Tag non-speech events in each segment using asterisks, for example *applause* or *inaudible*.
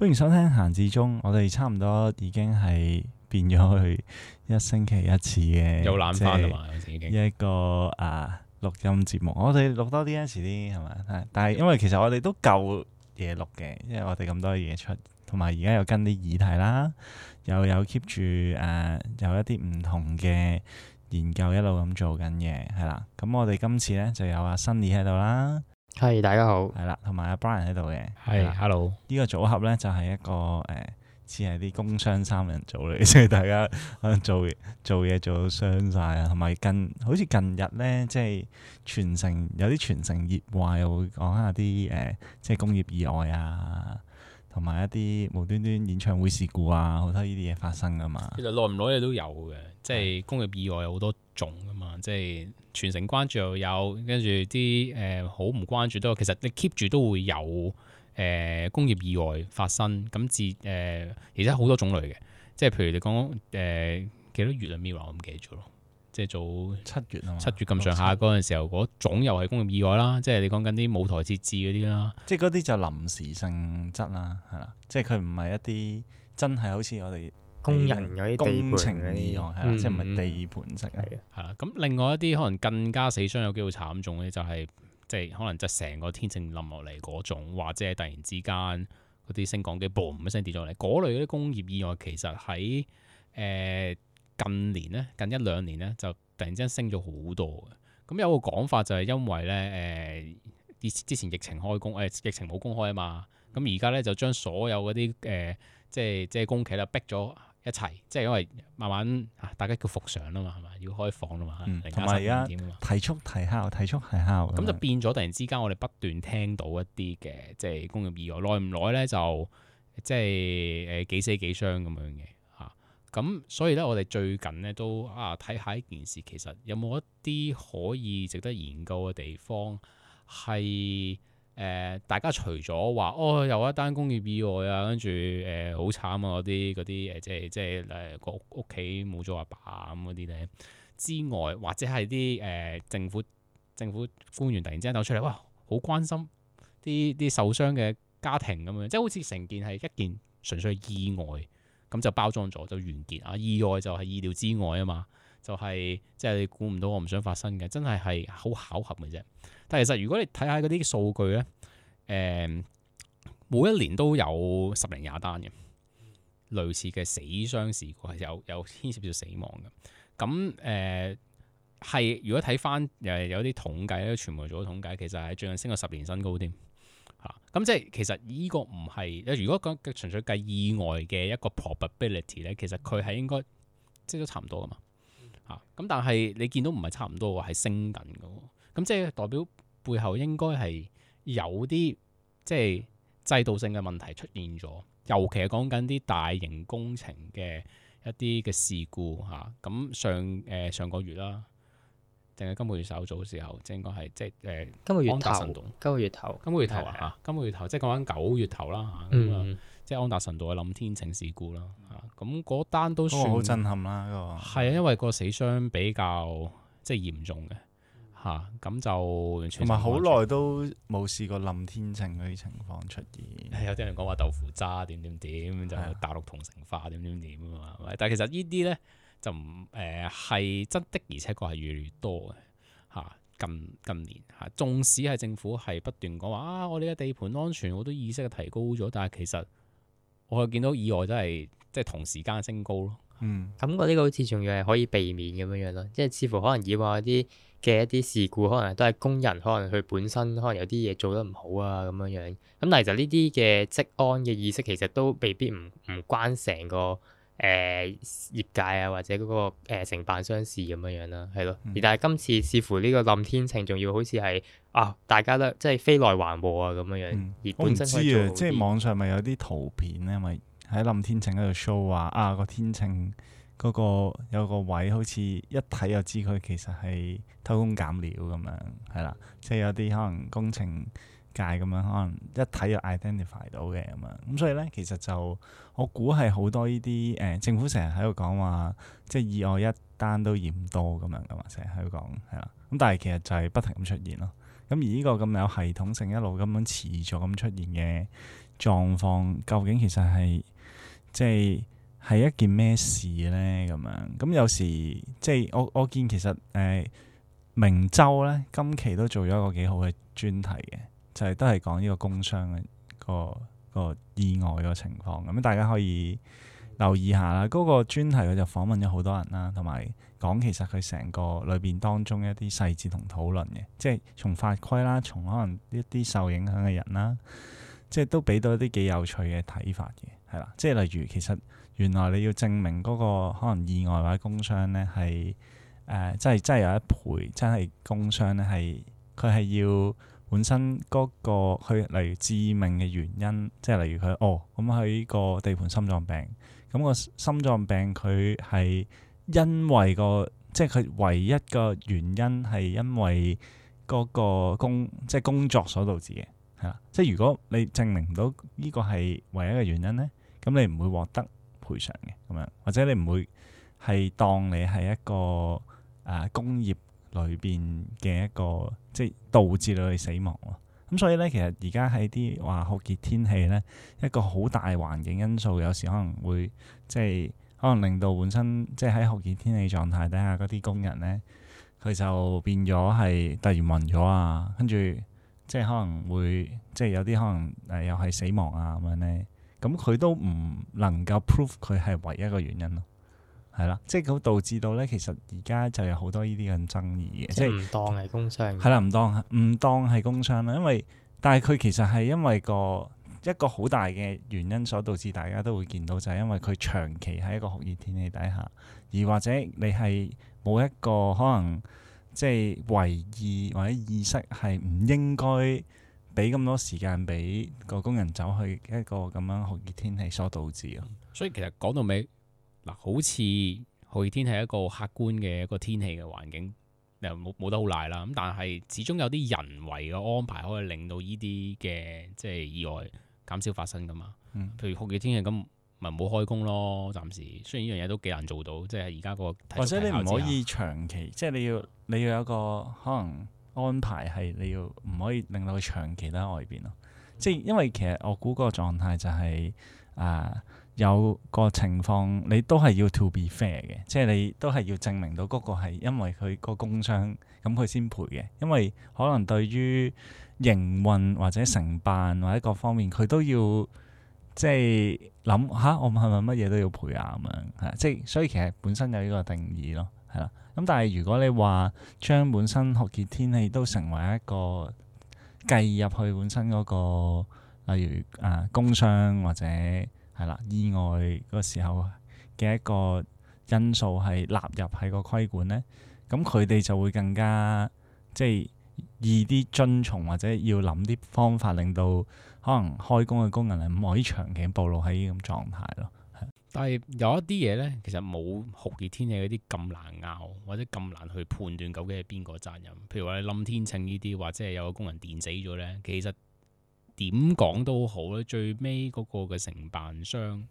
歡迎收聽閒置中，我哋差唔多已經係變咗去一星期一次嘅，覽即係一個啊錄音節目。嗯、我哋錄多啲、啊，遲啲係咪？但係因為其實我哋都夠嘢錄嘅，因為我哋咁多嘢出，同埋而家又跟啲議題啦，又有 keep 住誒，有一啲唔同嘅研究一路咁做緊嘢。係啦。咁我哋今次呢就有阿新兒喺度啦。係、hey, 大家好，係啦，同埋阿 Brian 喺度嘅，係 Hey, 了，Hello，呢個組合咧就係一個誒似係啲工傷三人組嚟、就是，即係大家可能做做嘢做到傷晒啊，同埋近好似近日咧，即係傳承有啲傳承熱話，又會講下啲誒即係工業意外啊，同埋一啲無端端演唱會事故啊，好多呢啲嘢發生噶嘛。其實耐唔耐嘢都有嘅，即係工業意外有好多種噶嘛，即係。全城關注又有，跟住啲誒好唔關注都，其實你 keep 住都會有誒、呃、工業意外發生。咁自誒，其實好多種類嘅，即係譬如你講誒、呃、幾多月啊 m i 我唔記咗咯。即係早七月啊，七月咁上下嗰陣時候，嗰星種又係工業意外啦。即係你講緊啲舞台設置嗰啲啦。即係嗰啲就臨時性質啦，係啦。即係佢唔係一啲真係好似我哋。工人嗰啲工程嗰啲意外係啦，即係唔係地盤成係啦。咁另外一啲可能更加死傷有機會慘重嘅就係、是，即、就、係、是、可能就成個天秤冧落嚟嗰種，或者係突然之間嗰啲升降機嘣一聲跌咗落嚟嗰類嗰啲工業意外，其實喺誒、呃、近年咧，近一兩年咧就突然之間升咗好多嘅。咁有個講法就係因為咧誒，疫、呃、之前疫情開工誒、呃，疫情冇公開啊嘛。咁而家咧就將所有嗰啲誒，即係即係工期啊，逼咗。一齊，即係因為慢慢啊，大家叫復常啦嘛，係嘛，要開放啦嘛，增加十點啊嘛，嗯、提速提效，提速提效，咁、嗯、就變咗。突然之間，我哋不斷聽到一啲嘅，即係工業意外，耐唔耐咧就即係誒幾死幾傷咁樣嘅嚇。咁、啊、所以咧，我哋最近咧都啊睇下一件事，其實有冇一啲可以值得研究嘅地方係。誒、呃、大家除咗話哦有一單工業意外啊，跟住誒好慘啊嗰啲啲誒即係即係誒個屋屋企冇咗阿爸咁嗰啲咧之外，或者係啲誒政府政府官員突然之間走出嚟，哇好關心啲啲受傷嘅家庭咁樣，即係好似成件係一件純粹意外咁就包裝咗就完結啊！意外就係意料之外啊嘛，就係、是、即係你估唔到我唔想發生嘅，真係係好巧合嘅啫。但係其實如果你睇下嗰啲數據咧，誒、嗯，每一年都有十零廿單嘅類似嘅死傷事故，係有有牽涉到死亡嘅。咁誒係，如果睇翻誒有啲統計咧，傳媒做咗統計，其實係最近升咗十年新高添。吓，咁、嗯、即係其實呢個唔係，如果講純粹計意外嘅一個 probability 咧，其實佢係應該即係都差唔多噶嘛。吓，咁但係你見到唔係差唔多嘅，係升緊㗎。咁即係代表背後應該係有啲即係制度性嘅問題出現咗，尤其係講緊啲大型工程嘅一啲嘅事故嚇。咁、啊、上誒、呃、上個月啦，定係今個月首早，早時候，即係應該係即係誒今個月頭，今個月頭，今個月頭啊嚇，的今個月頭即係講緊九月頭啦嚇。咁、啊嗯、即係安達臣道嘅冧天秤事故啦嚇。咁、啊、嗰、啊那個、單都算，好震撼啦個，係啊，因為個死傷比較即係嚴重嘅。嚇，咁、啊、就完全同埋好耐都冇試過冧天秤嗰啲情況出現。哎、有啲人講話豆腐渣點點點，怎樣怎樣，嗯、就大陸同城化點點點啊嘛，係咪？但係其實呢啲咧就唔誒係真的，而且確係越嚟越多嘅嚇。近近年嚇、啊，縱使係政府係不斷講話啊，我哋嘅地盤安全，好多意識提高咗，但係其實我係見到意外真係即係同時間升高咯。嗯，咁我呢個好似仲要係可以避免咁樣樣咯，即係似乎可能以往啲嘅一啲事故，可能都係工人可能佢本身可能有啲嘢做得唔好啊咁樣樣。咁但係就呢啲嘅職安嘅意識，其實都未必唔唔關成個誒、呃、業界啊，或者嗰、那個誒、呃呃、承辦商事咁樣樣啦，係咯。而、嗯、但係今次似乎呢個冧天情冧天秤，仲要好似係啊，大家都即係飛來橫禍啊咁樣樣。我唔知啊，即係網上咪有啲圖片咧咪？喺冧天秤嗰度 show 話啊，個天秤嗰個有個位，好似一睇就知佢其實係偷工減料咁樣，係啦，即係有啲可能工程界咁樣可能一睇就 identify 到嘅咁樣，咁所以咧，其實就我估係好多呢啲誒政府成日喺度講話，即係意外一單都嫌多咁樣，噶嘛，成日喺度講，係啦。咁但係其實就係不停咁出現咯。咁而呢個咁有系統性一路咁樣持續咁出現嘅狀況究竟其實係。即係係一件咩事咧咁樣？咁有時即係我我見其實誒、呃、明週咧今期都做咗一個幾好嘅專題嘅，就係、是、都係講呢個工傷嘅、那個、那個意外個情況咁大家可以留意下啦。嗰、那個專題佢就訪問咗好多人啦，同埋講其實佢成個裏邊當中一啲細節同討論嘅，即係從法規啦，從可能一啲受影響嘅人啦，即係都俾到一啲幾有趣嘅睇法嘅。係啦，即係例如，其實原來你要證明嗰個可能意外或者工傷咧，係誒，即、呃、係真係有一賠，真係工傷咧係佢係要本身嗰、嗰個佢例如致命嘅原因，即係例如佢哦，咁佢呢個地盤心臟病，咁、嗯這個心臟病佢係因為個即係佢唯一個原因係因為嗰個工即係工作所導致嘅，係啦，即係如果你證明唔到呢個係唯一嘅原因咧。咁你唔會獲得賠償嘅，咁樣或者你唔會係當你係一個誒工業裏邊嘅一個，即係導致到你死亡咯。咁所以咧，其實而家喺啲話酷熱天氣咧，一個好大環境因素，有時可能會即係可能令到本身即係喺酷熱天氣狀態底下嗰啲工人咧，佢就變咗係突然暈咗啊，跟住即係可能會即係有啲可能誒又係死亡啊咁樣咧。咁佢都唔能夠 prove 佢係唯一一個原因咯，係啦，即係佢導致到咧，其實而家就有好多呢啲咁爭議嘅，即係唔當係工傷，係啦，唔當唔當係工傷啦，因為但係佢其實係因為個一個好大嘅原因所導致，大家都會見到就係因為佢長期喺一個酷熱天氣底下，而或者你係冇一個可能即係為意或者意識係唔應該。俾咁多時間俾個工人走去一個咁樣酷熱天氣所導致咯。所以其實講到尾嗱，好似酷熱天氣一個客觀嘅一個天氣嘅環境，又冇冇得好賴啦。咁但係始終有啲人為嘅安排可以令到呢啲嘅即係意外減少發生噶嘛。嗯。譬如酷熱天氣咁，咪冇開工咯。暫時雖然呢樣嘢都幾難做到，即係而家個或者你唔可以長期，即係你要你要有一個可能。安排係你要唔可以令到佢長期喺外邊咯，即係因為其實我估嗰個狀態就係、是、啊、呃、有個情況你都係要 to be fair 嘅，即係你都係要證明到嗰個係因為佢個工傷咁佢先賠嘅，因為可能對於營運或者承辦或者各方面佢都要即係諗下我係咪乜嘢都要賠啊咁啊？係啊，即係所以其實本身有呢個定義咯，係啦。咁但係如果你話將本身酷熱天氣都成為一個計入去本身嗰、嗰個，例如啊、呃、工傷或者係啦意外嗰時候嘅一個因素係納入喺個規管咧，咁佢哋就會更加即係易啲遵從或者要諗啲方法令到可能開工嘅工人唔可以長期暴露喺呢種狀態咯。但係有一啲嘢呢，其實冇酷熱天氣嗰啲咁難拗，或者咁難去判斷究竟係邊個責任。譬如話你冧天秤呢啲，或者係有個工人電死咗呢，其實點講都好呢，最尾嗰個嘅承辦商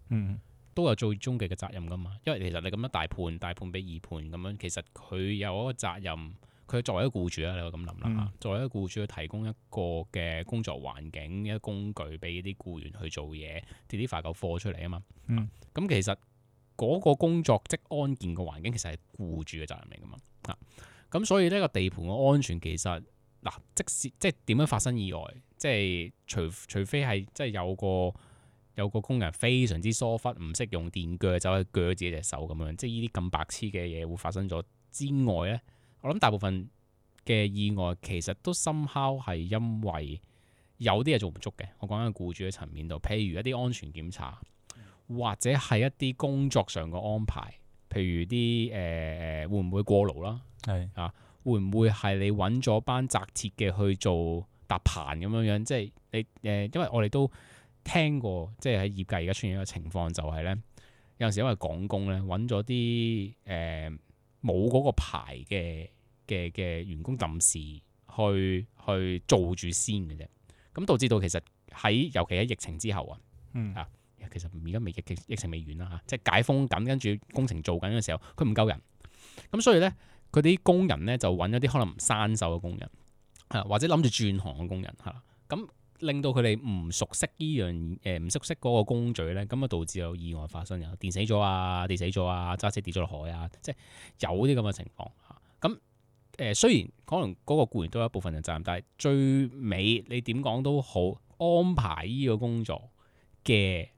都有最終極嘅責任㗎嘛。因為其實你咁樣大判，大判俾二判咁樣，其實佢有一個責任。佢作為一個僱主啊，你可咁諗啦。作為一個僱主，要、嗯、提供一個嘅工作環境、一啲工具俾啲僱員去做嘢 delivery 嚿貨出嚟啊嘛。咁、嗯啊、其實嗰個工作即安健嘅環境，其實係僱主嘅責任嚟噶嘛。咁、啊、所以呢個地盤嘅安全其實嗱、啊，即使即係點樣發生意外，即係除除非係即係有個有個工人非常之疏忽，唔識用電鋸，走去鋸咗自己隻手咁樣，即係呢啲咁白痴嘅嘢會發生咗之外咧。我諗大部分嘅意外其實都深敲係因為有啲嘢做唔足嘅，我講緊僱主嘅層面度，譬如一啲安全檢查，或者係一啲工作上嘅安排，譬如啲誒誒會唔會過勞啦？係是啊，會唔會係你揾咗班紮鐵嘅去做搭棚咁樣樣？即係你誒、呃，因為我哋都聽過，即係喺業界而家出現一個情況、就是，就係咧有陣時因為趕工咧揾咗啲誒。冇嗰個牌嘅嘅嘅員工，臨時、呃、去去做住先嘅啫。咁導致到其實喺尤其喺疫情之後啊，嗯啊，其實而家未疫疫情未完啦嚇、啊，即係解封緊，跟住工程做緊嘅時候，佢唔夠人，咁、啊、所以咧，佢啲工人咧就揾一啲可能唔生手嘅工人，係、啊、或者諗住轉行嘅工人，係、啊、咁。嗯令到佢哋唔熟悉呢樣誒唔熟悉嗰個工序咧，咁啊導致有意外發生，有電死咗啊、跌死咗啊、揸車跌咗落海啊，即係有啲咁嘅情況吓，咁、啊、誒、呃、雖然可能嗰個僱員都，都、啊啊啊、都，都有一部分責任，但係最尾你點講都好，安排呢個工作嘅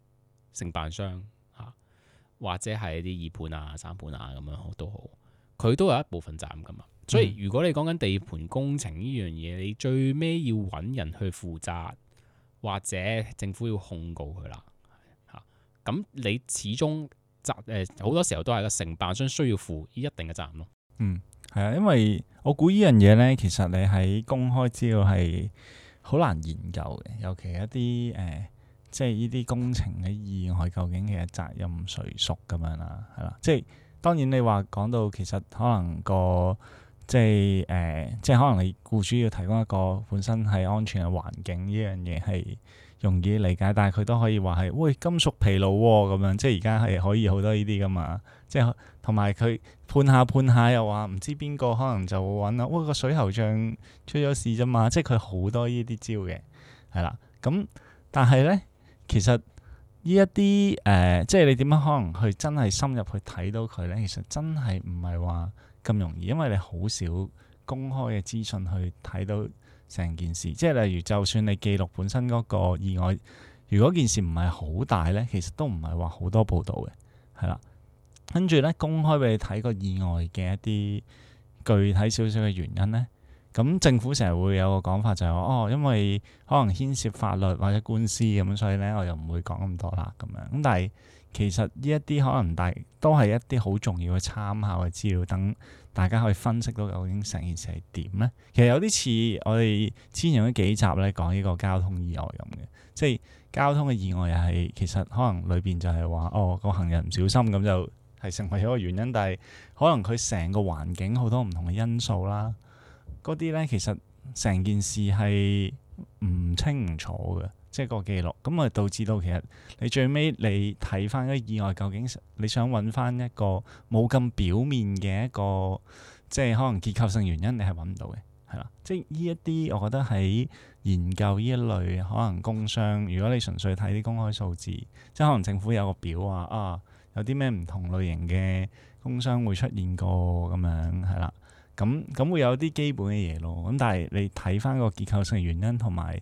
承辦商嚇，或者係啲二判啊、三判啊咁樣都好，佢都有一部分責任噶嘛。所以如果你講緊地盤工程呢樣嘢,你最尾要揾人去負責，或者政府要控告佢啦。吓，咁你始終責誒呃、好多時候都係個承辦商需要負一定嘅責任咯。嗯，係啊，因為我估呢樣嘢呢，其實你喺公開資料係好難研究嘅，尤其一啲誒、呃，即係呢啲工程嘅意外，究竟其實責任誰屬咁樣啦，係啦、啊。即係當然你話講到，其實可能個。即係誒、呃，即係可能你僱主要提供一個本身係安全嘅環境呢樣嘢係容易理解，但係佢都可以話係，喂，金屬疲勞咁、哦、樣，即係而家係可以好多呢啲噶嘛，即係同埋佢判下判下又話唔知邊個可能就會揾啦，喂、哦這個水喉匠出咗事啫嘛，即係佢好多呢啲招嘅，係啦。咁但係呢，其實呢一啲誒、呃，即係你點樣可能去真係深入去睇到佢呢？其實真係唔係話。咁容易，因為你好少公開嘅資訊去睇到成件事，即係例如，就算你記錄本身嗰個意外，如果件事唔係好大呢，其實都唔係話好多報導嘅，係啦。跟住呢，公開俾你睇個意外嘅一啲具體少少嘅原因呢。咁政府成日會有個講法就係話，哦，因為可能牽涉法律或者官司咁，所以呢，我又唔會講咁多啦咁樣。咁但係其實呢一啲可能大都係一啲好重要嘅參考嘅資料，等大家可以分析到究竟成件事係點咧。其實有啲似我哋之前用幾集咧講呢講個交通意外咁嘅，即係交通嘅意外又係其實可能裏邊就係話哦，個行人唔小心咁就係成為一個原因，但係可能佢成個環境好多唔同嘅因素啦，嗰啲呢，其實成件事係唔清唔楚嘅。即係個記錄，咁啊導致到其實你最尾你睇翻個意外究竟你想揾翻一個冇咁表面嘅一個，即係可能結構性原因，你係揾唔到嘅，係啦。即係呢一啲，我覺得喺研究呢一類可能工傷，如果你純粹睇啲公開數字，即係可能政府有個表啊，啊有啲咩唔同類型嘅工傷會出現過咁樣，係啦。咁咁會有啲基本嘅嘢咯。咁但係你睇翻個結構性原因同埋，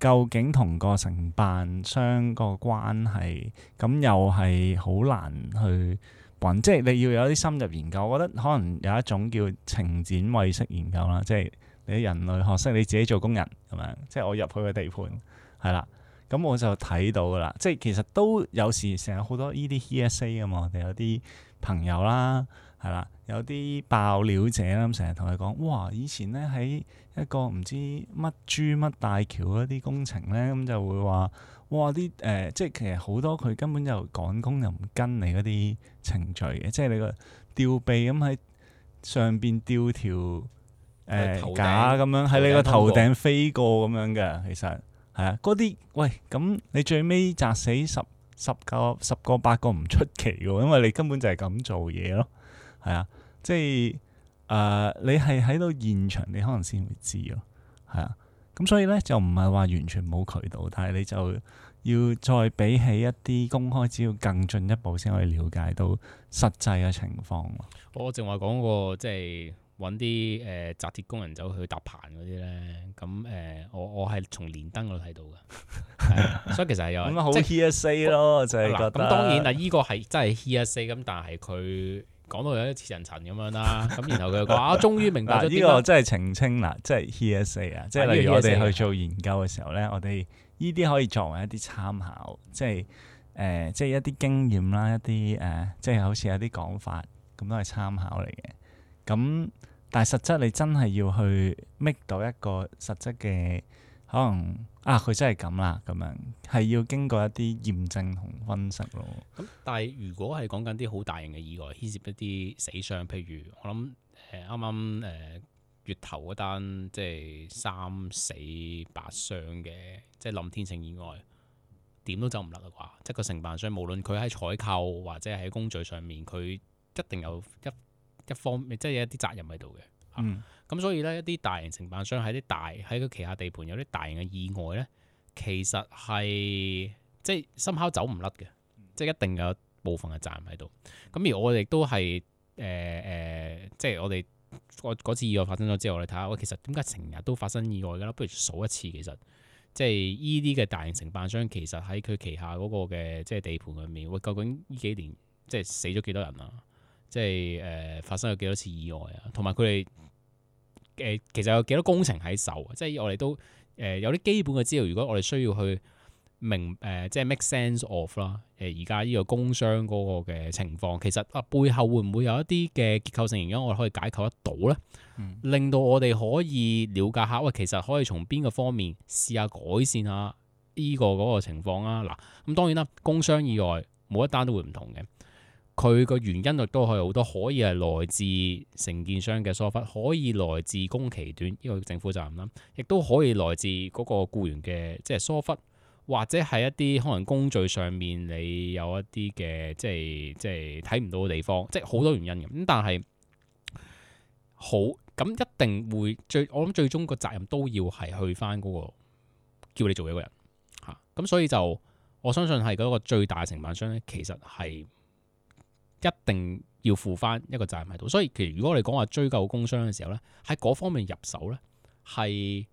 究竟同個承辦商個關係，咁又係好難去揾，即係你要有啲深入研究。我覺得可能有一種叫情展位式研究啦，即係你人類學識你自己做工人咁樣，即係我入去個地盤，係啦，咁我就睇到啦。即係其實都有時成日好多依啲 HSA 嘅嘛，我哋有啲朋友啦，係啦，有啲爆料者啦，咁成日同佢講，哇，以前咧喺～一個唔知乜豬乜大橋嗰啲工程咧，咁就會話：哇！啲誒、呃，即係其實好多佢根本就趕工又唔跟你嗰啲程序嘅，即係你個吊臂咁喺上邊吊條誒、呃、頂架咁樣喺你個頭頂飛過咁樣嘅，其實係啊，嗰啲喂，咁你最尾砸死十十個十個、十個八個唔出奇嘅喎，因為你根本就係咁做嘢咯，係啊，即係。誒、呃，你係喺到現場，你可能先會知咯，係啊，咁所以咧就唔係話完全冇渠道，但係你就要再比起一啲公開資料更進一步先可以了解到實際嘅情況咯。我淨話講過即係揾啲誒紮鐵工人走去搭棚嗰啲咧，咁誒、呃，我我係從連登嗰度睇到嘅， *laughs* 所以其實係有咁好 hearsay,、嗯、S, 是 咯， 就係咁，當然啊，依、這個係真係 hearsay 咁，但係佢。講到有一啲似人塵咁樣啦，咁 *laughs* 然後佢話啊，終於明白咗呢個真係澄清嗱，即係 HSA 啊，即係例如我哋去做研究嘅時候咧，啊、我哋呢啲可以作為一啲參考，即係誒、呃，即係一啲經驗啦，一啲誒、呃，即係好似有啲講法咁都係參考嚟嘅。咁但係實質你真係要去搣到一個實質嘅。可能啊，佢真係咁啦，咁樣係要經過一啲驗證同分析咯。咁但係如果係講緊啲好大型嘅意外，牽涉一啲死傷，譬如我諗誒啱啱誒月頭嗰單即係三死八傷嘅，即係冧天秤意外，點都走唔甩啊啩！即係個承辦商無論佢喺採購或者喺工序上面，佢一定有一一,一方，即係有一啲責任喺度嘅。嗯。咁所以咧，一啲大型承辦商喺啲大喺佢旗下地盤有啲大型嘅意外咧，其實係即係深口走唔甩嘅，即係、嗯、一定有部分嘅責任喺度。咁、嗯嗯、而我哋都係誒誒，即係我哋嗰次意外發生咗之後，我哋睇下，喂，其實點解成日都發生意外嘅咧？不如數一次，其實即係依啲嘅大型承辦商，其實喺佢旗下嗰個嘅即係地盤裏面，喂，究竟呢幾年即係死咗幾多人啊？即係誒、呃、發生咗幾多次意外啊？同埋佢哋。誒、其實有幾多工程喺手，即係我哋都誒、呃、有啲基本嘅資料。如果我哋需要去明誒、呃，即係 make sense of 啦、呃。誒而家呢個工傷嗰個嘅情況，其實啊、呃、背後會唔會有一啲嘅結構性原因，我哋可以解構得到咧，嗯、令到我哋可以了解下，喂、呃，其實可以從邊個方面試下改善下呢個嗰個情況啦。嗱、呃，咁當然啦，工傷以外每一單都會唔同嘅。佢個原因亦都係好多，可以係來自承建商嘅疏忽，可以來自工期短呢、呢個政府責任啦，亦都可以來自嗰個僱員嘅即係疏忽，或者係一啲可能工序上面你有一啲嘅即係即係睇唔到嘅地方，即係好多原因嘅。咁、嗯、但係好咁一定會最我諗最終個責任都要係去翻嗰、嗰個叫你做嘢嗰個人嚇。咁、啊、所以就我相信係嗰個最大承辦商咧，其實係。一定要付翻一個責任喺度，所以其實如果你哋講話追究工傷嘅時候咧，喺嗰方面入手咧，係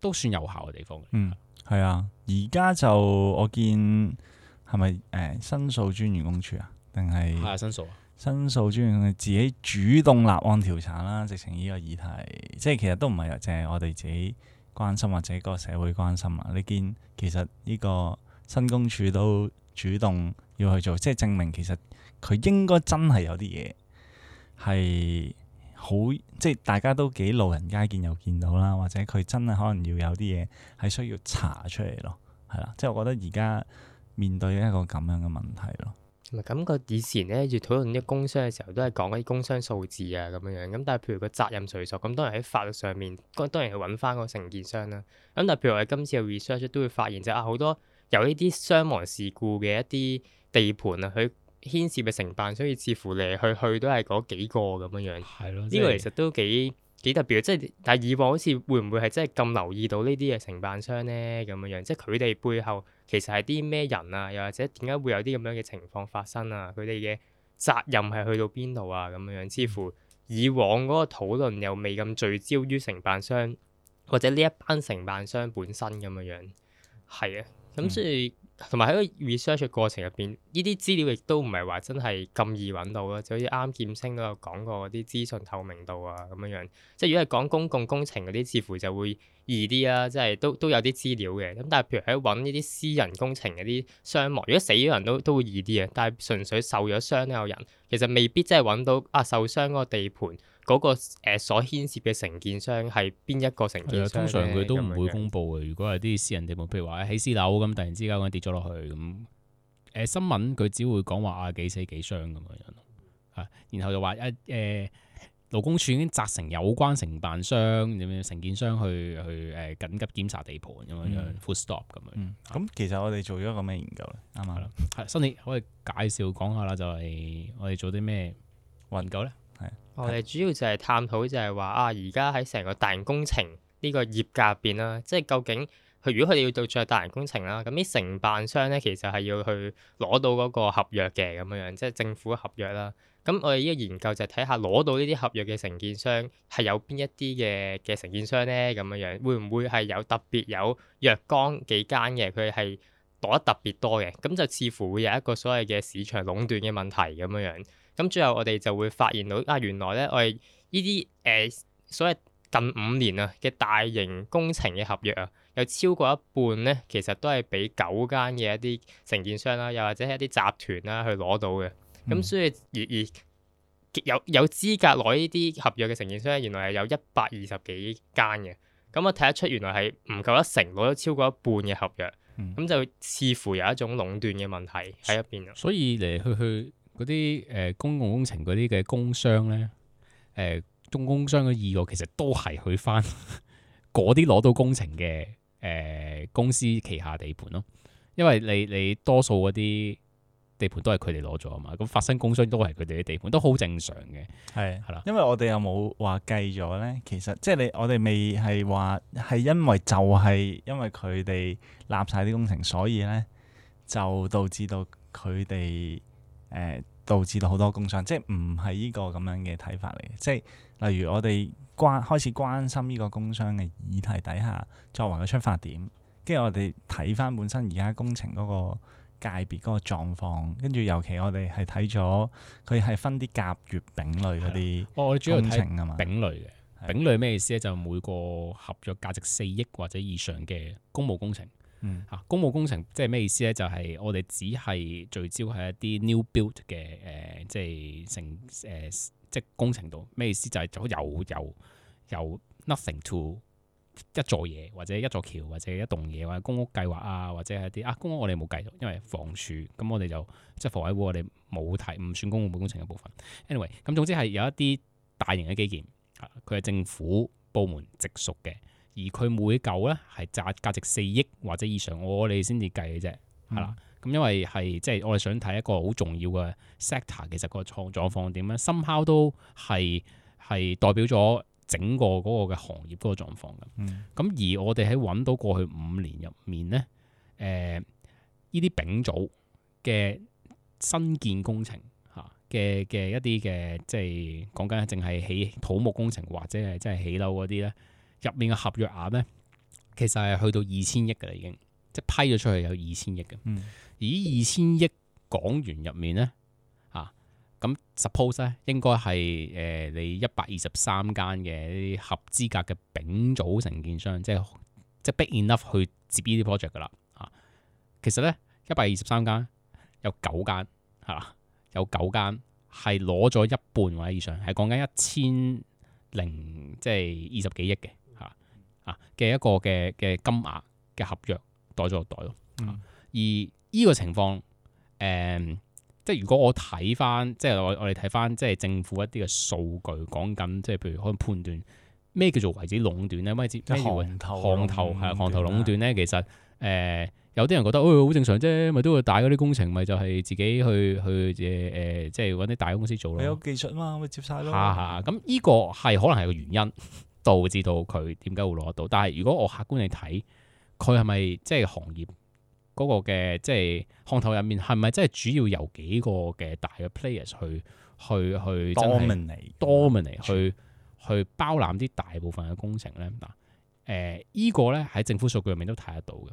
都算有效嘅地方。嗯，係啊。而家就我見係咪誒申訴專員公署啊，定係係申訴啊？申訴，申訴專員公署自己主動立案調查啦，直情呢個議題，即係其實都唔係，就係我哋自己關心或者個社會關心啊。你見其實呢個新公署都主動要去做，即係證明其實。佢應該真係有啲嘢係好，即係大家都幾老人家見又見到啦，或者佢真係可能要有啲嘢係需要查出嚟咯，係啦。即係我覺得而家面對一個咁樣嘅問題咯。咁個、嗯嗯、以前咧，要討論啲工傷嘅時候，都係講啲工傷數字啊，咁樣樣咁。但係譬如個責任追溯咁，當然喺法律上面，當然係揾翻個承建商啦。咁但係譬如我今次嘅 research 都會發現就係、啊，好多有呢啲傷亡事故嘅一啲地盤啊，佢。牽涉嘅承辦商，似乎嚟去去都係嗰幾個咁樣樣。呢個其實都幾幾特別，即係但係以往好似會唔會係真係咁留意到呢啲嘅承辦商咧咁樣樣，即係佢哋背後其實係啲咩人啊？又或者點解會有啲咁樣嘅情況發生啊？佢哋嘅責任係去到邊度啊？咁樣樣，似乎以往嗰個討論又未咁聚焦於承辦商或者呢一班承辦商本身咁樣樣。係啊，咁所以。嗯同埋喺個 research 嘅過程入邊，呢啲資料亦都唔係話真係咁易揾到咯，就好似啱劍青都有講過嗰啲資訊透明度啊咁樣樣。即係如果係講公共工程嗰啲，似乎就會易啲啦，即係都都有啲資料嘅。咁但係譬如喺揾呢啲私人工程嗰啲傷亡，如果死咗人都都會易啲嘅，但係純粹受咗傷嘅人，其實未必真係揾到啊受傷嗰個地盤。嗰個所牽涉嘅承建商係邊一個承建商？通常佢都唔會公布嘅。如果係啲私人地盤，譬如話喺私樓咁，突然之間跌咗落去咁，誒、呃、新聞佢只會講話啊幾死幾傷咁樣樣，啊，然後就話誒誒勞工處已經責成有關承辦商點樣承建商去去誒、啊、緊急檢查地盤咁樣樣。嗯、full stop 咁樣。嗯，咁對、嗯、其實我哋做咗一個咩研究咧？啱啊吧，係、嗯，新年可以介紹講下啦，就係、是、我哋做啲咩研究咧？嗯嗯我哋主要就係探討就，就係話啊，而家喺成個大型工程呢個業界入邊啦，即係究竟佢如果佢哋要做咗大型工程啦，咁啲承辦商咧，其實係要去攞到嗰個合約嘅咁樣樣，即係政府合約啦。咁我哋依個研究就係睇下攞到呢啲合約嘅承建商係有邊一啲嘅嘅承建商咧，咁樣樣會唔會係有特別有若干幾間嘅佢係攞得特別多嘅，咁就似乎會有一個所謂嘅市場壟斷嘅問題咁樣樣。咁最後我哋就會發現到啊，原來咧我哋呢啲誒所謂近五年啊嘅大型工程嘅合約啊，有超過一半咧，其實都係俾九間嘅一啲承建商啦，又或者係一啲集團啦去攞到嘅。咁、嗯、所以而而有有資格攞呢啲合約嘅承建商，原來係有一百二十幾間嘅。咁啊睇得出原來係唔夠一成攞咗超過一半嘅合約，咁、嗯、就似乎有一種壟斷嘅問題喺入邊。所以嚟嚟去去。嗰啲誒公共工程嗰啲嘅工傷咧，誒、呃、中工傷嘅意外其實都係去返嗰啲攞到工程嘅誒、呃、公司旗下地盤咯，因為你你多數嗰啲地盤都係佢哋攞咗啊嘛，咁發生工傷都係佢哋嘅地盤，都好正常嘅，係係啦。的因為我哋又冇話計咗咧？其實即係、就是、你我哋未係話係因為就係因為佢哋攬晒啲工程，所以咧就導致到佢哋。誒導致到好多工傷，即係唔係呢個咁樣嘅睇法嚟嘅，即係例如我哋關開始關心呢個工傷嘅議題底下作為個出發點，跟住我哋睇翻本身而家工程嗰個界別嗰個狀況，跟住尤其我哋係睇咗佢係分啲甲、乙、丙類嗰啲工程啊嘛，哦、我哋主要係丙類嘅。丙類咩意思咧？就每個合約價值四億或者以上嘅公務工程。嗯嚇、啊，公務工程即係咩意思咧？就係、是、我哋只係聚焦喺一啲 new build 嘅誒、呃，即係成誒即工程度。咩意思？就係就有有有 nothing to 一座嘢，或者一座橋，或者一棟嘢，或者公屋計劃啊，或者係一啲啊公屋我哋冇計，因為房署，咁我哋就即係房委會我哋冇睇，唔算公務工程嘅部分。anyway，咁總之係有一啲大型嘅基建，佢、啊、係政府部門直屬嘅。而佢每嚿咧係值價值四億或者以上，我哋先至計嘅啫，係啦、嗯。咁因為係即係我哋想睇一個好重要嘅 sector，其實個狀狀況點樣，somehow 都係係代表咗整個嗰個嘅行業嗰個狀況嘅。咁、嗯、而我哋喺揾到過去五年入面咧，誒依啲丙組嘅新建工程嚇嘅嘅一啲嘅，即係講緊淨係起土木工程或者係即係起樓嗰啲咧，入面嘅合約額咧，其實係去到二千億嘅啦，已經即係批咗出去有二千億嘅。嗯、而呢二千億港元入面咧，啊咁 suppose 咧應該係誒、呃、你一百二十三間嘅呢啲合資格嘅丙組承建商，即係即係 big enough 去接呢啲 project 噶啦。啊，其實咧一百二十三間有九間係啦，有九間係攞咗一半或者以上，係講緊一千零即係二十幾億嘅。嘅一個嘅嘅金額嘅合約袋咗落袋咯，嗯、而依個情況，誒、嗯，即係如果我睇翻，即係我我哋睇翻，即係政府一啲嘅數據講緊，即係譬如可能判斷咩叫做為止壟斷咧，咩叫行頭行頭係行頭壟斷咧？其實誒、呃，有啲人覺得，哦、哎，好正常啫，咪都會打嗰啲工程，咪就係自己去去誒誒、呃，即係揾啲大公司做咯。有技術嘛，咪接晒咯。咁依個係可能係個原因。 *laughs* 導致到佢點解會攞到？但係如果我客觀嚟睇，佢係咪即係行業嗰個嘅即係看頭入面係咪真係主要由幾個嘅大嘅 players 去去去 dominate dominate 去去包攬啲大部分嘅工程咧？嗱、呃，誒、這、依個咧喺政府數據入面都睇得到嘅，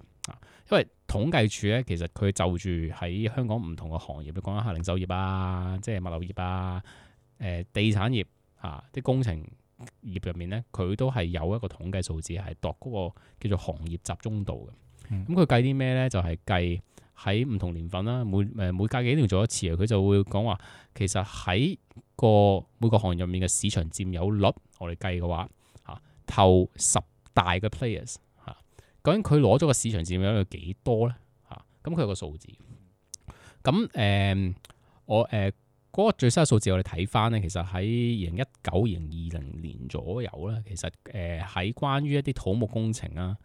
因為統計處咧其實佢就住喺香港唔同嘅行業，你講下零售業啊，即係物流業啊，誒、呃、地產業啊啲工程業入面咧，佢都係有一個統計數字，係度嗰個叫做行業集中度嘅。咁佢、嗯嗯嗯、計啲咩咧？就係、是、計喺唔同年份啦，每誒、呃、每隔幾年做一次啊。佢就會講話，其實喺個每個行業入面嘅市場佔有率，我哋計嘅話嚇、啊，頭十大嘅 players 嚇、啊，究竟佢攞咗個市場佔有率、啊嗯、有幾多咧？嚇，咁佢有個數字。咁誒、呃，我誒。呃嗰個最新嘅數字，我哋睇翻咧，其實喺二零一九、二零二零年左右咧，其實誒喺、呃、關於一啲土木工程啊，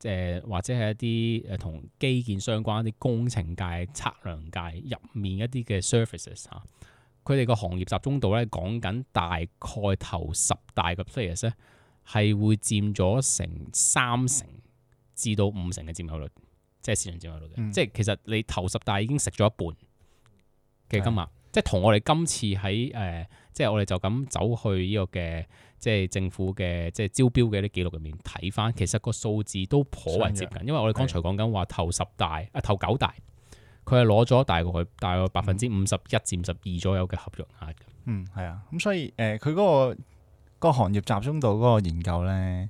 誒、呃、或者係一啲誒同基建相關一啲工程界、測量界入面一啲嘅 services 嚇，佢哋個行業集中度咧講緊大概頭十大嘅 firms 咧，係會佔咗成三成至到五成嘅佔有率，即、就、係、是、市場佔有率，嗯、即係其實你頭十大已經食咗一半嘅金額。即係同我哋今次喺誒、呃，即係我哋就咁走去呢個嘅，即係政府嘅，即係招標嘅啲記錄入面睇翻，其實個數字都頗為接近，嗯、因為我哋剛才講緊話頭十大啊頭九大，佢係攞咗大概大概百分之五十一至五十二左右嘅合約額。嗯，係啊，咁所以誒，佢、呃、嗰、嗰個嗰個行業集中度嗰個研究咧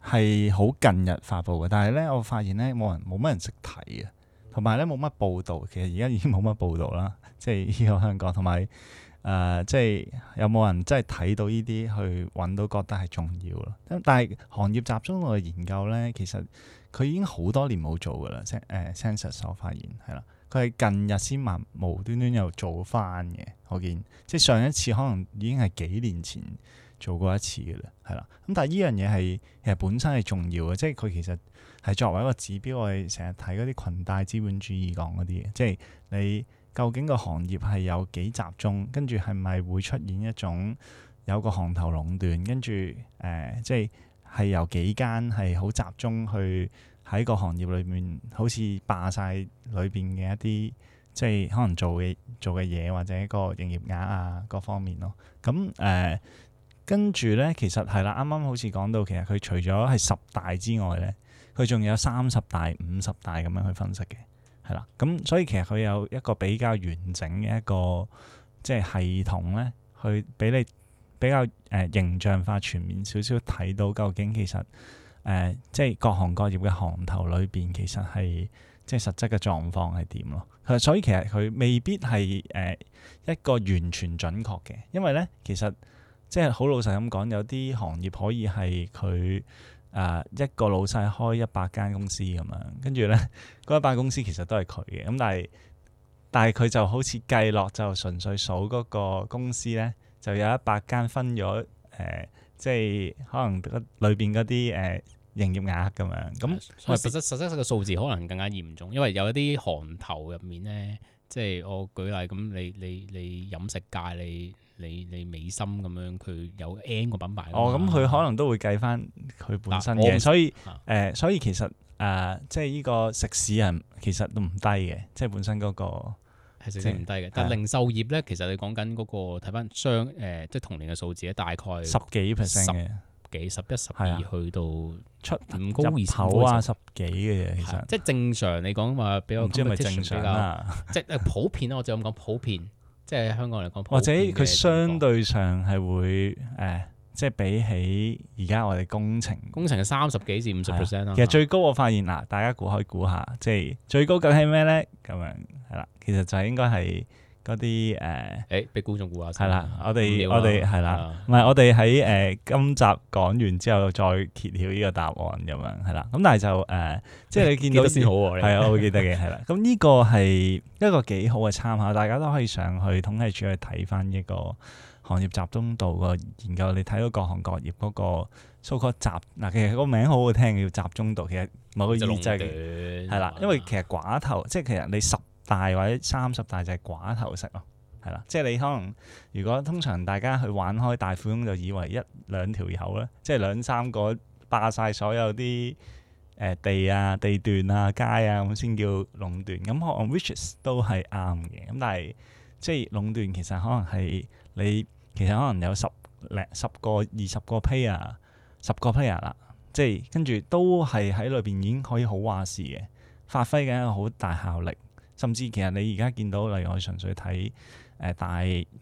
係好近日發布嘅，但係咧我發現咧冇人冇乜人識睇啊。同埋咧冇乜報導，其實而家已經冇乜報導啦，即係呢個香港。同埋誒，即、呃、係、就是、有冇人真係睇到呢啲去揾都覺得係重要咯。咁但係行業集中度嘅研究咧，其實佢已經好多年冇做㗎啦。誒、呃、Census 所發現係啦，佢喺近日先慢無端端又做翻嘅。我見即係、就是、上一次可能已經係幾年前。做過一次嘅啦，係啦。咁但係依樣嘢係其實本身係重要嘅，即係佢其實係作為一個指標，我哋成日睇嗰啲裙帶資本主義講嗰啲嘅，即係你究竟個行業係有幾集中，跟住係咪會出現一種有一個寡頭壟斷，跟住誒、呃，即係係由幾間係好集中去喺個行業裏面，好似霸晒裏邊嘅一啲即係可能做嘅做嘅嘢或者一個營業額啊各方面咯。咁、嗯、誒。呃跟住呢，其實係啦，啱啱好似講到，其實佢除咗係十大之外呢，佢仲有三十大、五十大咁樣去分析嘅，係啦。咁、嗯、所以其實佢有一個比較完整嘅一個即係系統呢，去俾你比較誒、呃、形象化、全面少少睇到究竟其實、呃、即係各行各業嘅行頭裏邊其實係即係實質嘅狀況係點咯。所以其實佢未必係、呃、一個完全準確嘅，因為呢，其實。即係好老實咁講，有啲行業可以係佢誒一個老細開一百間公司咁樣，跟住咧嗰一百間公司其實都係佢嘅。咁、嗯、但係但係佢就好似計落就純粹數嗰個公司咧，就有一百間分咗誒、呃，即係可能裏邊嗰啲誒營業額咁樣。咁實質實質實質嘅數字可能更加嚴重，因為有一啲行頭入面咧，即係我舉例咁，你你你，你，你飲食界你。你你美心咁樣佢有 N 個品牌哦，咁佢可能都會計翻佢本身嘅，所以誒，所以其實誒，即係呢個食肆人其實都唔低嘅，即係本身嗰個係食市唔低嘅。但係零售業咧，其實你講緊嗰個睇翻商誒，即係同年嘅數字咧，大概十幾 percent 嘅幾十一十二去到出唔高二十幾嘅，其實即係正常。你講話比較即係普遍咯，我就咁講普遍。即係香港嚟講，或者佢相對上係會誒、呃，即係比起而家我哋工程工程係三十幾至五十 percent 啦。啊啊、其實最高我發現啦，大家估可以估下，即係最高究竟係咩咧？咁樣係啦、啊，其實就係應該係。嗰啲誒誒，俾觀眾估下先係啦，我哋我哋係啦，唔係我哋喺誒今集講完之後再揭曉呢個答案，咁樣係啦，咁但係就誒即係你見到先好係啊，我會記得嘅係啦。咁呢個係一個幾好嘅參考，大家都可以上去統計處去睇返一個行業集中度個研究，你睇到各行各業嗰個所謂集，嗱，其實個名好好聽叫集中度，其實某個意思嘅係啦，因為其實寡頭即係其實你十。大或者三十大隻寡頭食咯，係啦，即係你可能如果通常大家去玩開大富翁就以為一兩條友啦，即係兩三個霸晒所有啲誒、呃、地啊、地段啊、街啊咁先叫壟斷。咁可能 Wishes 都係啱嘅，咁但係即係壟斷其實可能係你其實可能有十零十個二十個 player 十個 player 啦，即係跟住都係喺內邊已經可以好話事嘅，發揮緊一個好大效力。甚至其實你而家見到，例如我純粹睇誒、呃、大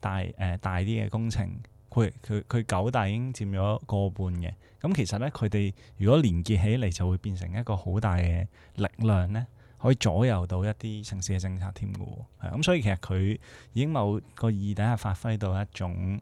大誒、呃、大啲嘅工程，佢佢佢九大已經佔咗過半嘅。咁其實咧，佢哋如果連結起嚟，就會變成一個好大嘅力量咧，可以左右到一啲城市嘅政策添嘅喎。咁、嗯，所以其實佢已經某個意義底下發揮到一種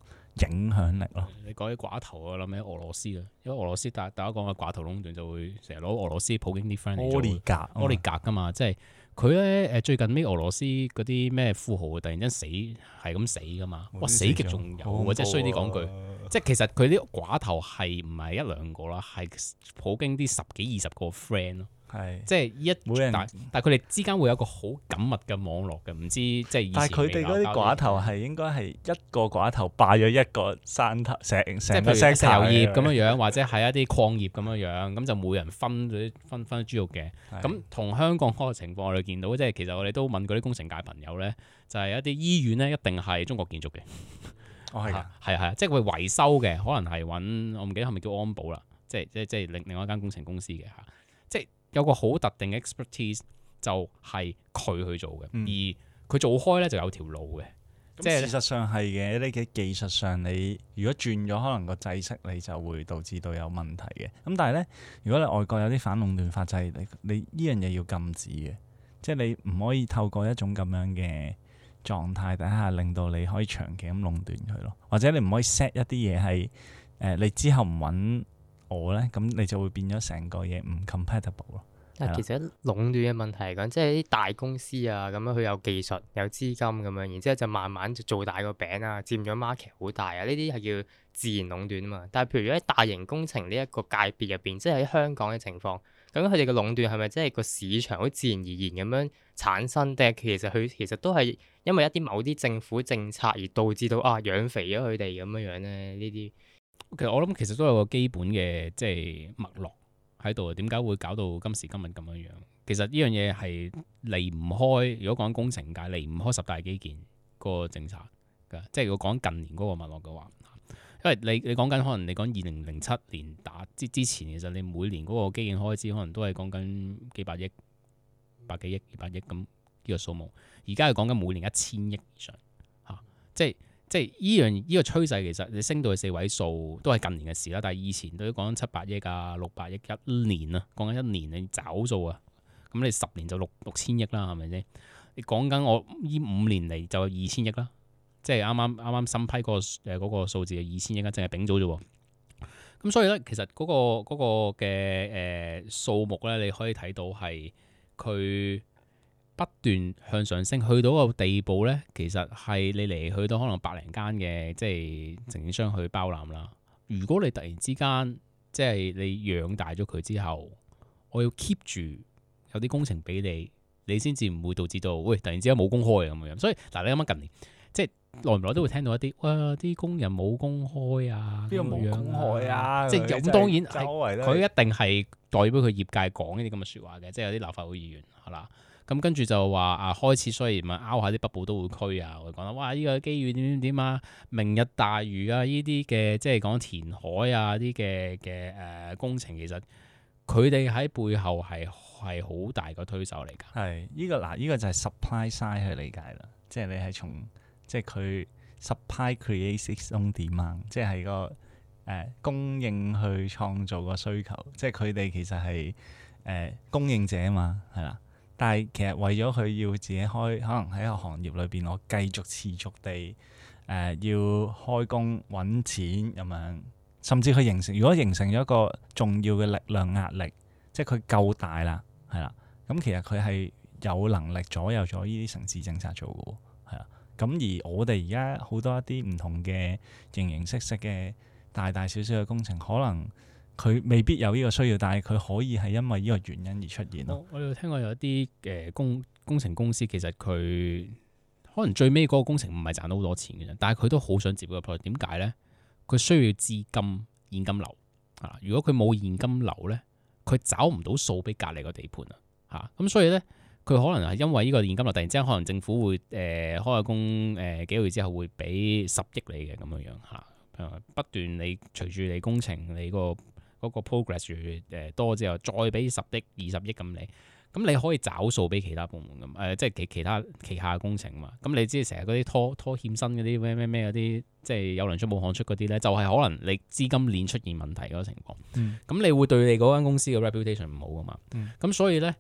影響力咯。你講起寡頭，我諗起俄羅斯啦，因為俄羅斯大大家講嘅寡頭壟斷就會成日攞俄羅斯普京啲 friend 嚟做。Oligarch，Oligarch 噶嘛，即係。佢咧，誒，最近啲俄羅斯嗰啲咩富豪突然間死係咁死噶嘛？哇，死極仲有、啊，即係衰啲講句，即係、啊、其實佢啲寡頭係唔係一兩個啦，係普京啲十幾二十個 friend 咯。係，是即係一人但係佢哋之間會有個好緊密嘅網絡嘅，唔知即係以前。但佢哋嗰啲寡頭係應該係一個寡頭霸咗一個山頭，成成譬如石油業咁樣樣，的或者係一啲礦業咁樣樣，咁的就每人分咗分分豬肉嘅。咁同的香港嗰個情況我哋見到，即係其實我哋都問嗰啲工程界朋友咧，就係、是、一啲醫院咧，一定係中國建築嘅。哦的，係㗎，係啊係啊，即係維維修嘅，可能係揾，我唔記得係咪叫安保啦，即係即係即係另另外一間工程公司嘅嚇，即係。有個好特定嘅 expertise 就係佢去做嘅，嗯、而佢做開咧就有條路嘅。嗯、即係事實上係嘅，你嘅技術上你如果轉咗，可能個制式你就會導致到有問題嘅。咁但係咧，如果你外國有啲反壟斷法制，你你呢樣嘢要禁止嘅，即係你唔可以透過一種咁樣嘅狀態底下令到你可以長期咁壟斷佢咯，或者你唔可以 set 一啲嘢係誒你之後唔揾。我咧，咁你就會變咗成個嘢唔 compatible 咯。但、啊、其實壟斷嘅問題嚟講，即係啲大公司啊，咁樣佢有技術、有資金咁樣，然之後就慢慢就做大個餅啦，佔咗 market 好大啊。呢啲係叫自然壟斷啊嘛。但係譬如喺大型工程呢一個界別入邊，即係喺香港嘅情況，咁佢哋嘅壟斷係咪即係個市場好自然而然咁樣產生？定係其實佢其實都係因為一啲某啲政府政策而導致到啊養肥咗佢哋咁樣樣咧？呢啲？其實、okay, 我諗，其實都有個基本嘅即係脈絡喺度，點解會搞到今時今日咁樣樣？其實呢樣嘢係離唔開，如果講工程界，離唔開十大基建個政策噶。即係如果講近年嗰個脈絡嘅話，因為你你講緊可能你講二零零七年打之之前，其實你每年嗰個基建開支可能都係講緊幾百億、百幾億、二百億咁，呢個數目。而家係講緊每年一千億以上，啊、即係。即係呢樣呢個趨勢，其實你升到去四位數都係近年嘅事啦。但係以前都講緊七百億啊、六百億一年啊，講緊一年你找數啊，咁你十年就六六千億啦，係咪先？你講緊我呢五年嚟就有二千億啦，即係啱啱啱啱新批嗰、那個誒嗰、那個數字係二千億啊，淨係丙組啫喎。咁所以咧，其實嗰、那個嗰、那個嘅誒、呃、數目咧，你可以睇到係佢。不斷向上升，去到個地步呢，其實係你嚟去到可能百零間嘅即係承建商去包攬啦。如果你突然之間即係你養大咗佢之後，我要 keep 住有啲工程俾你，你先至唔會導致到喂突然之間冇工開咁嘅樣。所以嗱，你啱啱近年即係耐唔耐都會聽到一啲哇啲工人冇工開啊，邊個冇工開啊？即係是咁，當然係佢一定係代表佢業界講呢啲咁嘅説話嘅，即係有啲立法會議員係啦。咁跟住就話啊，開始雖然咪拗下啲北部都會區啊，會講啦，哇！呢、這個機遇點點點啊，明日大嶼啊，呢啲嘅即係講填海啊啲嘅嘅誒工程，其實佢哋喺背後係係好大個推手嚟㗎。係呢、這個嗱，依、這個就係 supply side 去理解啦，即係你係從即係佢 supply creates its own demand，即係個誒、呃、供應去創造個需求，即係佢哋其實係誒、呃、供應者啊嘛，係啦。但係，其實為咗佢要自己開，可能喺個行業裏邊，我繼續持續地誒、呃、要開工揾錢咁樣，甚至佢形成，如果形成咗一個重要嘅力量壓力，即係佢夠大啦，係啦，咁、嗯、其實佢係有能力左右咗呢啲城市政策做嘅，係啦，咁、嗯、而我哋而家好多一啲唔同嘅形形色色嘅大大小小嘅工程，可能。佢未必有呢個需要，但係佢可以係因為呢個原因而出現咯。我有聽過有啲誒、呃、工工程公司，其實佢可能最尾嗰個工程唔係賺到好多錢嘅，但係佢都好想接個 project 點解呢？佢需要資金現金流啊！如果佢冇現金流呢，佢找唔到數俾隔離個地盤啊！嚇咁所以呢，佢可能係因為呢個現金流突然之間可能政府會誒、呃、開下工開個工誒幾個月之後會俾十億你嘅咁樣樣嚇、啊，不斷你隨住你工程你個。嗰個 progress 住多之後，再俾十億、二十億咁你，咁你可以找數俾其他部門咁，誒、呃、即係其其他旗下工程啊嘛。咁你知成日嗰啲拖拖欠薪嗰啲咩咩咩嗰啲，即係有糧出冇看出嗰啲咧，就係、是、可能你資金鏈出現問題嗰個情況。咁、嗯、你會對你嗰間公司嘅 reputation 唔好噶嘛。咁、嗯、所以咧，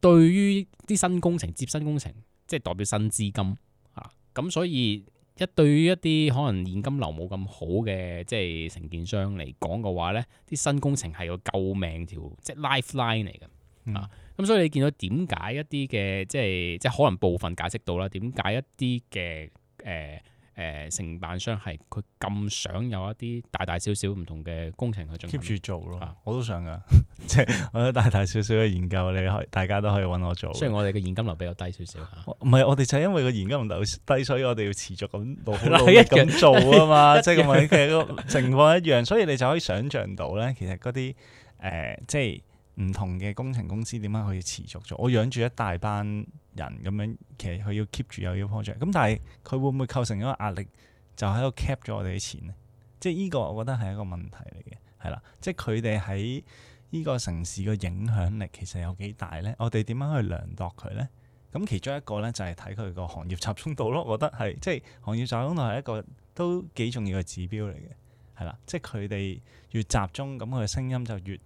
對於啲新工程接新工程，即係代表新資金嚇，咁、啊、所以。一對於一啲可能現金流冇咁好嘅即係承建商嚟講嘅話，呢啲新工程係個救命條，即係 lifeline 嚟嘅、嗯、啊！咁所以你見到點解一啲嘅即係即係可能部分解釋到啦，點解一啲嘅誒，呃誒、呃，承辦商係佢咁想有一啲大大小小唔同嘅工程去進行，keep 住做咯。啊、我都想㗎，即 *laughs* 係我啲大大小小嘅研究，你可大家都可以揾我做。雖然我哋嘅現金流比較低少少嚇，唔係、啊、我哋就係因為個現金流低，所以我哋要持續咁老老咁的做啊嘛， *laughs* 即係咁樣，其實個情況一樣，所以你就可以想像到咧，其實嗰啲誒，即係。唔同嘅工程公司點樣可以持續做？我養住一大班人咁樣，其實佢要 keep 住又要 project，咁但係佢會唔會構成一個壓力，就喺度 cap 咗我哋啲錢呢？即係呢個，我覺得係一個問題嚟嘅，係啦。即係佢哋喺呢個城市嘅影響力其實有幾大呢？我哋點樣去量度佢呢？咁其中一個呢，就係睇佢個行業集中度咯。我覺得係，即係行業集中度係一個都幾重要嘅指標嚟嘅，係啦。即係佢哋越集中，咁佢嘅聲音就越。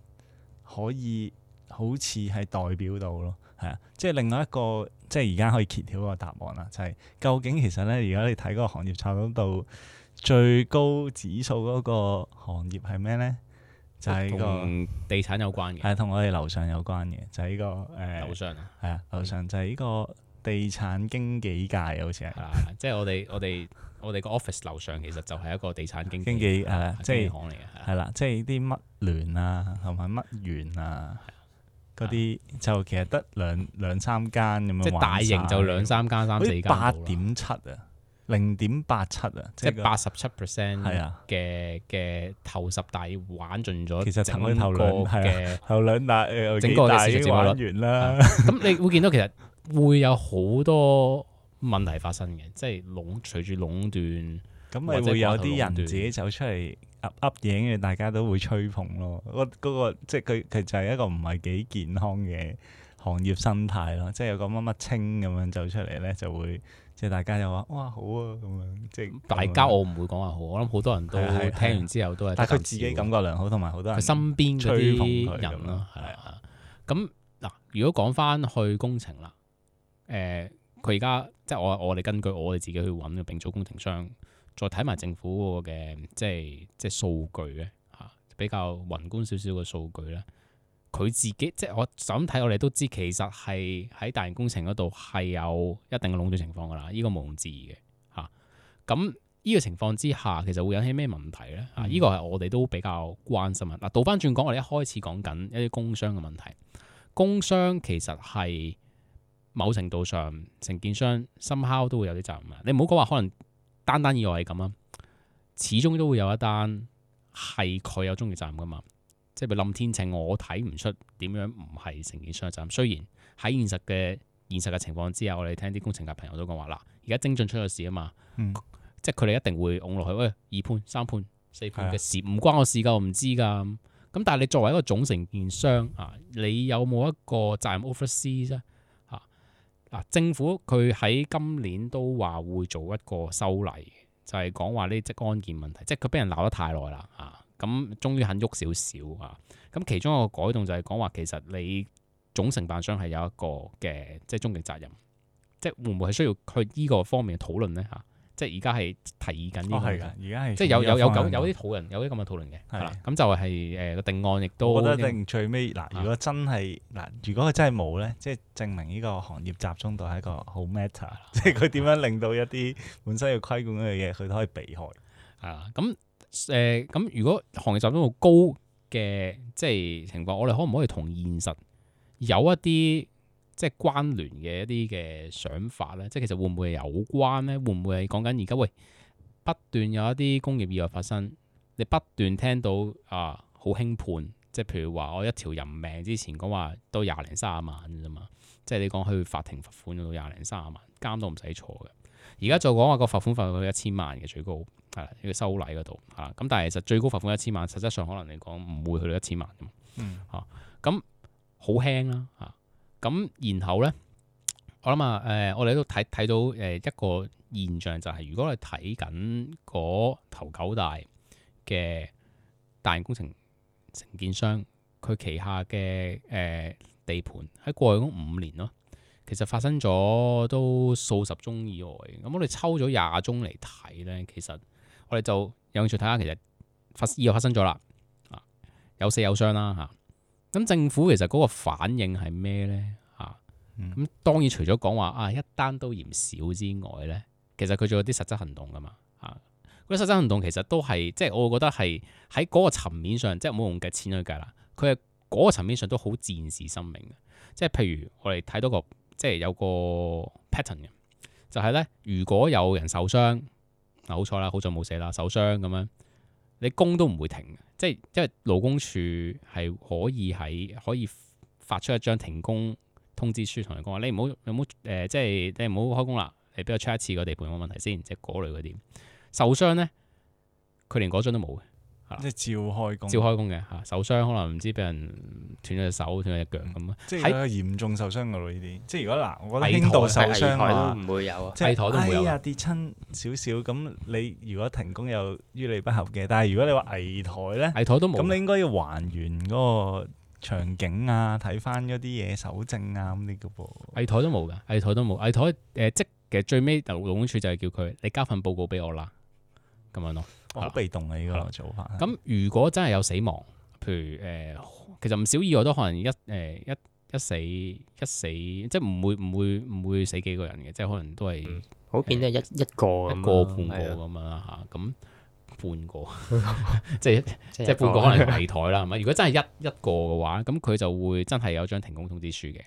可以好似係代表到咯，係啊，即係另外一個，即係而家可以揭曉個答案啦，就係、是、究竟其實咧，而家你睇個行業炒到最高指數嗰個行業係咩咧？就係、是、依個地產有關嘅，係同、啊、我哋樓上有關嘅，就係、是、呢、這個誒、呃、樓上啊，啊樓上就係呢個地產經紀界好似係，即係、啊就是、我哋 *laughs* 我哋。我哋個 office 樓上其實就係一個地產經紀誒，即係行嚟嘅係啦，即係啲乜聯啊，係咪乜元啊，係嗰啲就其實得兩兩三間咁樣，即大型就兩三間、三四間。八點七啊，零點八七啊，即係八十七 percent 係啊嘅嘅頭十大玩盡咗，其實整個嘅頭兩大誒，整個嘅市值玩完啦。咁你會見到其實會有好多。問題發生嘅，即係壟隨住壟斷，咁咪會有啲人自己走出嚟噏噏嘢，大家都會吹捧咯。那個嗰個即係佢，佢就係一個唔係幾健康嘅行業生態咯。即係有個乜乜青咁樣走出嚟咧，就會即係大家又話哇好啊咁樣。即係大家我唔會講話好，我諗好多人都聽完之後都係。但係佢自己感覺良好，同埋好多人身邊人吹捧人咯，係啊的。咁嗱，如果講翻去工程啦，誒、呃。佢而家即係我我哋根據我哋自己去揾丙組工程商，再睇埋政府嗰個嘅即係即係數據咧嚇、啊，比較宏觀少少嘅數據咧。佢自己即係我咁睇，我哋都知其實係喺大型工程嗰度係有一定嘅壟斷情況噶啦，呢、這個無庸置疑嘅嚇。咁、啊、呢個情況之下，其實會引起咩問題咧？呢、啊這個係我哋都比較關心啊。嗱，倒翻轉講，我哋一開始講緊一啲工傷嘅問題，工傷其實係。某程度上，承建商 somehow 都會有啲責任。你唔好講話，可能單單以外咁啊，始終都會有一單係佢有終意責任噶嘛。即係譬如冧天秤，我睇唔出點樣唔係承建商嘅責任。雖然喺現實嘅現實嘅情況之下，我哋聽啲工程界朋友都講話啦。而家精進出咗事啊嘛，嗯、即係佢哋一定會㧬落去。喂、哎，二判三判四判嘅事唔、嗯、關我的事㗎，我唔知㗎。咁但係你作為一個總承建商啊，你有冇一個責任 oversee？政府佢喺今年都話會做一個修例，就係講話呢即安健問題，即係佢俾人鬧得太耐啦，啊，咁終於肯喐少少啊，咁其中一個改動就係講話其實你總承辦商係有一個嘅即係終極責任，即係會唔會係需要去呢個方面討論呢？嚇？即係而家係提緊呢個係嘅，而家係即係有有有咁有啲討論，有啲咁嘅討論嘅係啦。咁的就係誒個定案亦都我覺得定最尾嗱、呃，如果真係嗱、呃，如果佢真係冇咧，啊、即係證明呢個行業集中度係一個好 matter，啊、即係佢點樣令到一啲本身要規管嘅嘢佢都可以避開係啦。咁誒咁，呃、如果行業集中度高嘅即係情況，我哋可唔可以同現實有一啲？即係關聯嘅一啲嘅想法咧，即係其實會唔會有關咧？會唔會係講緊而家喂不斷有一啲工業意外發生，你不斷聽到啊好輕判，即係譬如話我一條人命之前講話都廿零三十萬啫嘛，即係你講去法庭罰款到廿零三十萬監都唔使坐嘅。而家再講話個罰款罰到一千萬嘅最高係啦，呢個修例嗰度嚇。咁但係其實最高罰款一千萬，實質上可能你講唔會去到一千萬。咁、嗯。嚇、啊，咁好輕啦嚇。啊咁然後呢，我諗啊，誒、呃，我哋都睇睇到誒一個現象，就係、是、如果你睇緊嗰頭九大嘅大型工程承建商，佢旗下嘅誒、呃、地盤喺過去嗰五年咯，其實發生咗都數十宗意外。咁我哋抽咗廿宗嚟睇呢，其實我哋就有興趣睇下，其實發依個發生咗啦，有死有傷啦嚇。咁政府其實嗰個反應係咩呢？嚇、嗯啊，咁當然除咗講話啊一單都嫌少之外呢，其實佢做咗啲實質行動噶嘛，嚇、啊。嗰啲實質行動其實都係即係我覺得係喺嗰個層面上，即唔好用價錢去計啦。佢係嗰個層面上都好戰士生命嘅，即係譬如我哋睇到個即係有個 pattern 嘅，就係、是、呢：如果有人受傷嗱，好彩啦，好彩冇死啦，受傷咁樣。你工都唔會停嘅，即係因為勞工處係可以喺可以發出一張停工通知書，同你講話，你唔好你唔好誒，即係你唔好開工啦，你俾我 check 一次個地盤有冇問題先，即係嗰類嗰啲受傷咧，佢連嗰張都冇嘅。即係照開工，照開工嘅吓，受傷可能唔知俾人斷咗隻手、斷咗隻腳咁啊！即係嚴重受傷噶咯呢啲，即係如果嗱，我覺得輕度受傷嘅話都唔會有，即係矮台都唔會有。跌親少少咁，你如果停工又於理不合嘅，但係如果你話矮台咧，矮台都冇，咁你應該要還原嗰個場景啊，睇翻嗰啲嘢、手證啊咁啲噶噃。矮台都冇噶，矮台都冇，矮台誒，即嘅最尾勞工處就係叫佢，你交份報告俾我啦，咁樣咯。好、哦、被動啊呢、這個做法。咁如果真係有死亡，譬如誒、呃，其實唔少意外都可能一誒、呃、一一死一死，即係唔會唔會唔會，會死幾個人嘅，即係可能都係、嗯、好遍得一、呃、一個一個半個咁樣啦吓。咁的、啊、半個 *laughs* 即係 *laughs* 即係半個可能危殆啦，係咪？如果真係一一個嘅話，咁佢就會真係有張停工通知書嘅。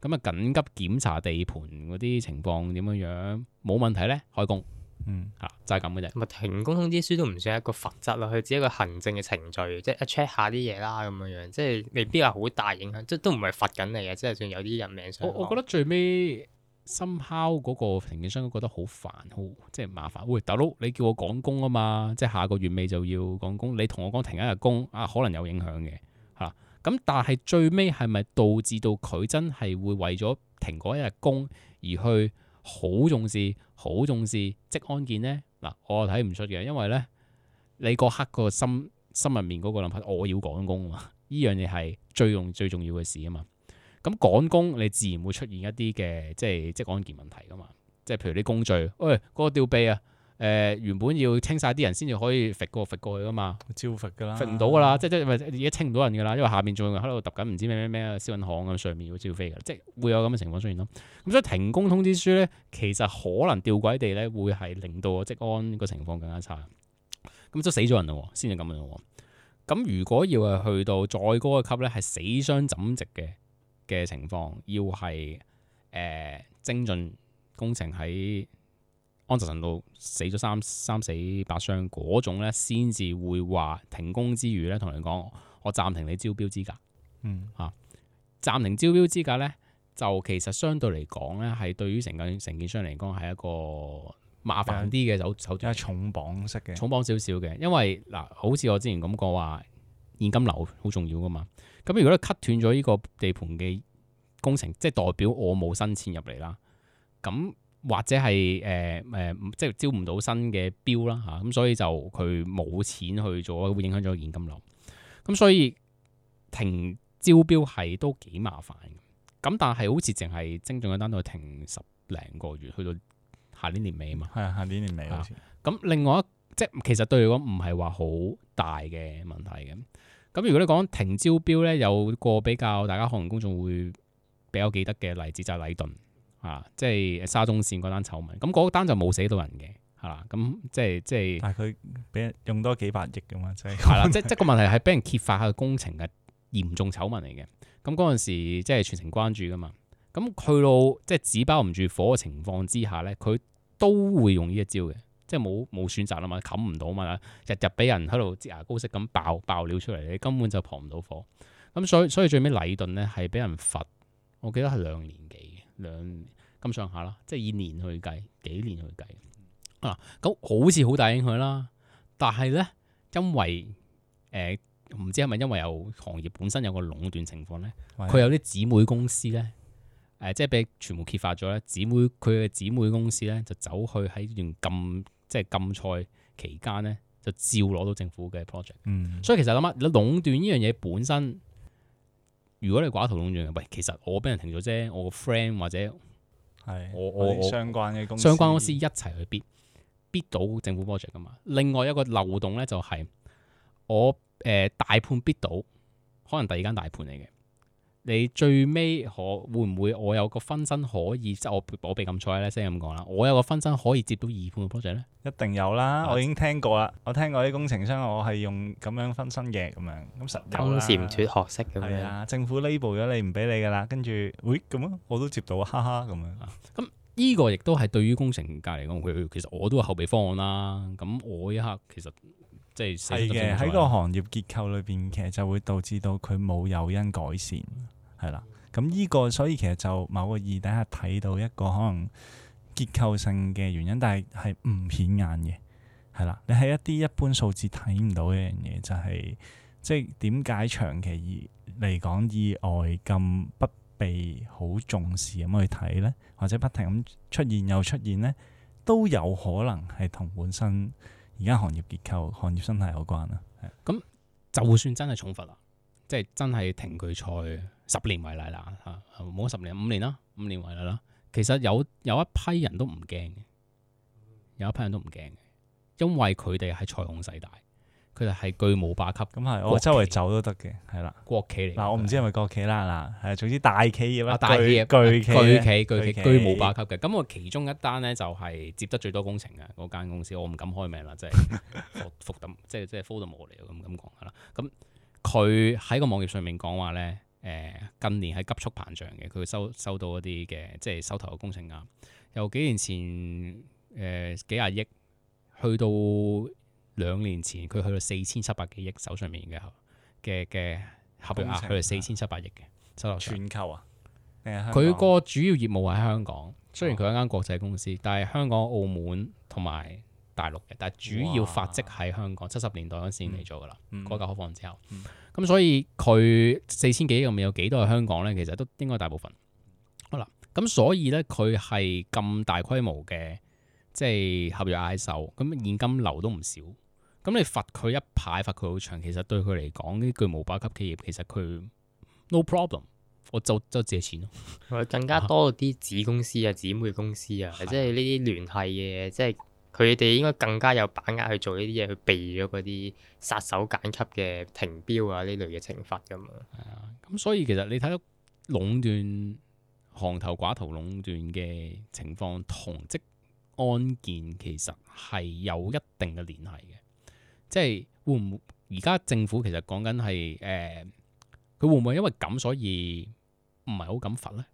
咁啊，緊急檢查地盤嗰啲情況點樣樣，冇問題咧，開工。嗯，啊、就是，就係咁嘅啫。咁停工通知書都唔算一個罰則咯，佢只係一個行政嘅程序，即係一 check 下啲嘢啦，咁樣樣，即係未必話好大影響，即係都唔係罰緊你嘅，即係算有啲人命。我我覺得最尾深烤嗰個承建商都覺得好煩，好即係麻煩。喂，大佬，你叫我趕工啊嘛，即係下個月尾就要趕工，你同我講停一日工，啊，可能有影響嘅，吓、啊。咁但係最尾係咪導致到佢真係會為咗停嗰一日工而去好重視？好重視職安健呢？嗱，我睇唔出嘅，因為呢，你刻、嗰個黑個心心入面嗰個諗法，我要趕工啊嘛，呢樣嘢係最重最重要嘅事啊嘛，咁趕工你自然會出現一啲嘅即係職安健問題噶嘛，即係譬如啲工序，喂、哎，嗰個吊臂啊！誒、呃、原本要清晒啲人先至可以揈過揈過去噶嘛，超揈噶啦，揈唔到噶啦，即係即係咪而家清唔到人噶啦，因為下邊仲喺度揼緊唔知咩咩咩消防行，咁，上面要招飛嘅，即係會有咁嘅情況出現咯。咁、嗯嗯、所以停工通知書咧，其實可能吊詭地咧，會係令到個職安個情況更加差。咁都死咗人咯，先至咁樣咯。咁如果要係去到再高嘅級咧，係死傷枕藉嘅嘅情況，要係誒、呃、精進工程喺。安德臣道死咗三三四百箱嗰種咧，先至會話停工之餘咧，同你講我暫停你招標資格。嗯，嚇、啊、暫停招標資格咧，就其實相對嚟講咧，係對於成間承建商嚟講係一個麻煩啲嘅，就首先係重磅式嘅，重磅少少嘅。因為嗱，好似我之前噉講話，現金流好重要噶嘛。咁如果你 cut 斷咗呢個地盤嘅工程，即、就、係、是、代表我冇新錢入嚟啦。咁或者係誒誒，即係招唔到新嘅標啦嚇，咁、啊、所以就佢冇錢去做，會影響咗現金流。咁所以停招標係都幾麻煩。咁但係好似淨係精進嘅單，都停十零個月，去到下年年尾嘛。係啊，下年年尾好似。咁、啊、另外一即係其實對佢講唔係話好大嘅問題嘅。咁如果你講停招標咧，有個比較大家可能公眾會比較記得嘅例子就係、是、禮頓。啊，即係沙中線嗰單醜聞，咁、那、嗰、個、單就冇死到人嘅，係、啊、啦，咁即係即係，但係佢俾用多幾百億嘅嘛、啊， *laughs* 即係啦，即即個問題係俾人揭發個工程嘅嚴重醜聞嚟嘅，咁嗰陣時即係全程關注噶嘛，咁去到即係紙包唔住火嘅情況之下咧，佢都會用呢一招嘅，即係冇冇選擇啊嘛，冚唔到啊嘛，日日俾人喺度擠牙膏式咁爆爆料出嚟，你根本就撲唔到火，咁所以所以最尾禮頓咧係俾人罰，我記得係兩年幾。兩咁上下啦，即係以年去計，幾年去計啊？咁好似好大影響啦，但係咧，因為誒唔、呃、知係咪因為有行業本身有個壟斷情況咧，佢有啲姊妹公司咧，誒、呃、即係被全部揭發咗咧，姊妹佢嘅姊妹公司咧就走去喺呢段禁即係禁賽期間咧，就照攞到政府嘅 project。嗯，所以其實諗下，你壟斷呢樣嘢本身。如果你寡頭壟斷喂，其實我俾人停咗啫，我 friend 或者我是我，我相關嘅公司相關公司一齊去 bid，bid 到政府 project 噶嘛。另外一個漏洞咧就係、是、我誒、呃、大判 bid 到，可能第二間大判嚟嘅。你最尾可會唔會？我有個分身可以即係我我被禁賽咧，先咁講啦。我有個分身可以接到二判嘅 project 咧，一定有啦。啊、我已經聽過啦，我聽過啲工程商，我係用咁樣分身嘅咁樣，咁實有啦。金蟬脫殼式咁係啊，政府 label 咗你唔俾你噶啦，跟住喂，咁啊，我都接到，哈哈咁樣。咁呢個亦都係對於工程界嚟講，佢、啊、其實我都有後備方案啦。咁我一刻其實即係係嘅，喺個行業結構裏邊，其實就會導致到佢冇誘因改善。係啦，咁呢個所以其實就某個意義底下睇到一個可能結構性嘅原因，但係係唔顯眼嘅。係啦，你喺一啲一般數字睇唔到嘅一樣嘢，就係即係點解長期以嚟講意外咁不被好重視咁去睇呢？或者不停咁出現又出現呢？都有可能係同本身而家行業結構、行業生態有關啦。咁就算真係重罰啦。即係真係停佢賽十年為例啦嚇，冇、啊、十年五年啦，五年為例啦。其實有有一批人都唔驚嘅，有一批人都唔驚嘅，因為佢哋係財雄勢大，佢哋係巨無霸級。咁係我周圍走都得嘅，係、嗯嗯、企啦，係係國企嚟嗱，我唔知係咪國企啦嗱，係，總之大企業啦、啊，大企業巨巨巨巨巨巨無霸級嘅。咁我其中一單咧就係接得最多工程嘅嗰間公司，我唔敢開名啦， *laughs* 即係我復即係即係 f o l l 冇嚟啊咁咁講啦，咁。佢喺個網頁上面講話呢，誒、呃、近年係急速膨脹嘅，佢收收到一啲嘅，即係手頭嘅工程額，由幾年前誒、呃、幾廿億去到兩年前，佢去到四千七百幾億手上面嘅嘅嘅合約額，去到四千七百億嘅收全球啊，佢個主要業務喺香港，雖然佢係間國際公司，哦、但係香港、澳門同埋。大陸嘅，但係主要發跡喺香港。七十哇年代嗰陣時嚟咗噶啦，改革開放之後，咁、嗯、所以佢四千幾億，有幾多喺香港咧？其實都應該大部分。好啦，咁所以咧，佢係咁大規模嘅，即係合併 IPO，咁現金流都唔少。咁你罰佢一排，罰佢好長，其實對佢嚟講，呢巨無霸級企業其實佢 no problem，我就就借錢咯。更加多啲子公司啊、姊妹公司啊，即係呢啲聯繫嘅，即係。佢哋應該更加有把握去做呢啲嘢，去避咗嗰啲殺手簡級嘅停標啊呢類嘅懲罰㗎嘛。咁、嗯、所以其實你睇到壟斷行頭，寡頭壟斷嘅情況同職安健其實係有一定嘅聯繫嘅。即係會唔會而家政府其實講緊係誒，佢、呃、會唔會因為咁所以唔係好敢罰呢？」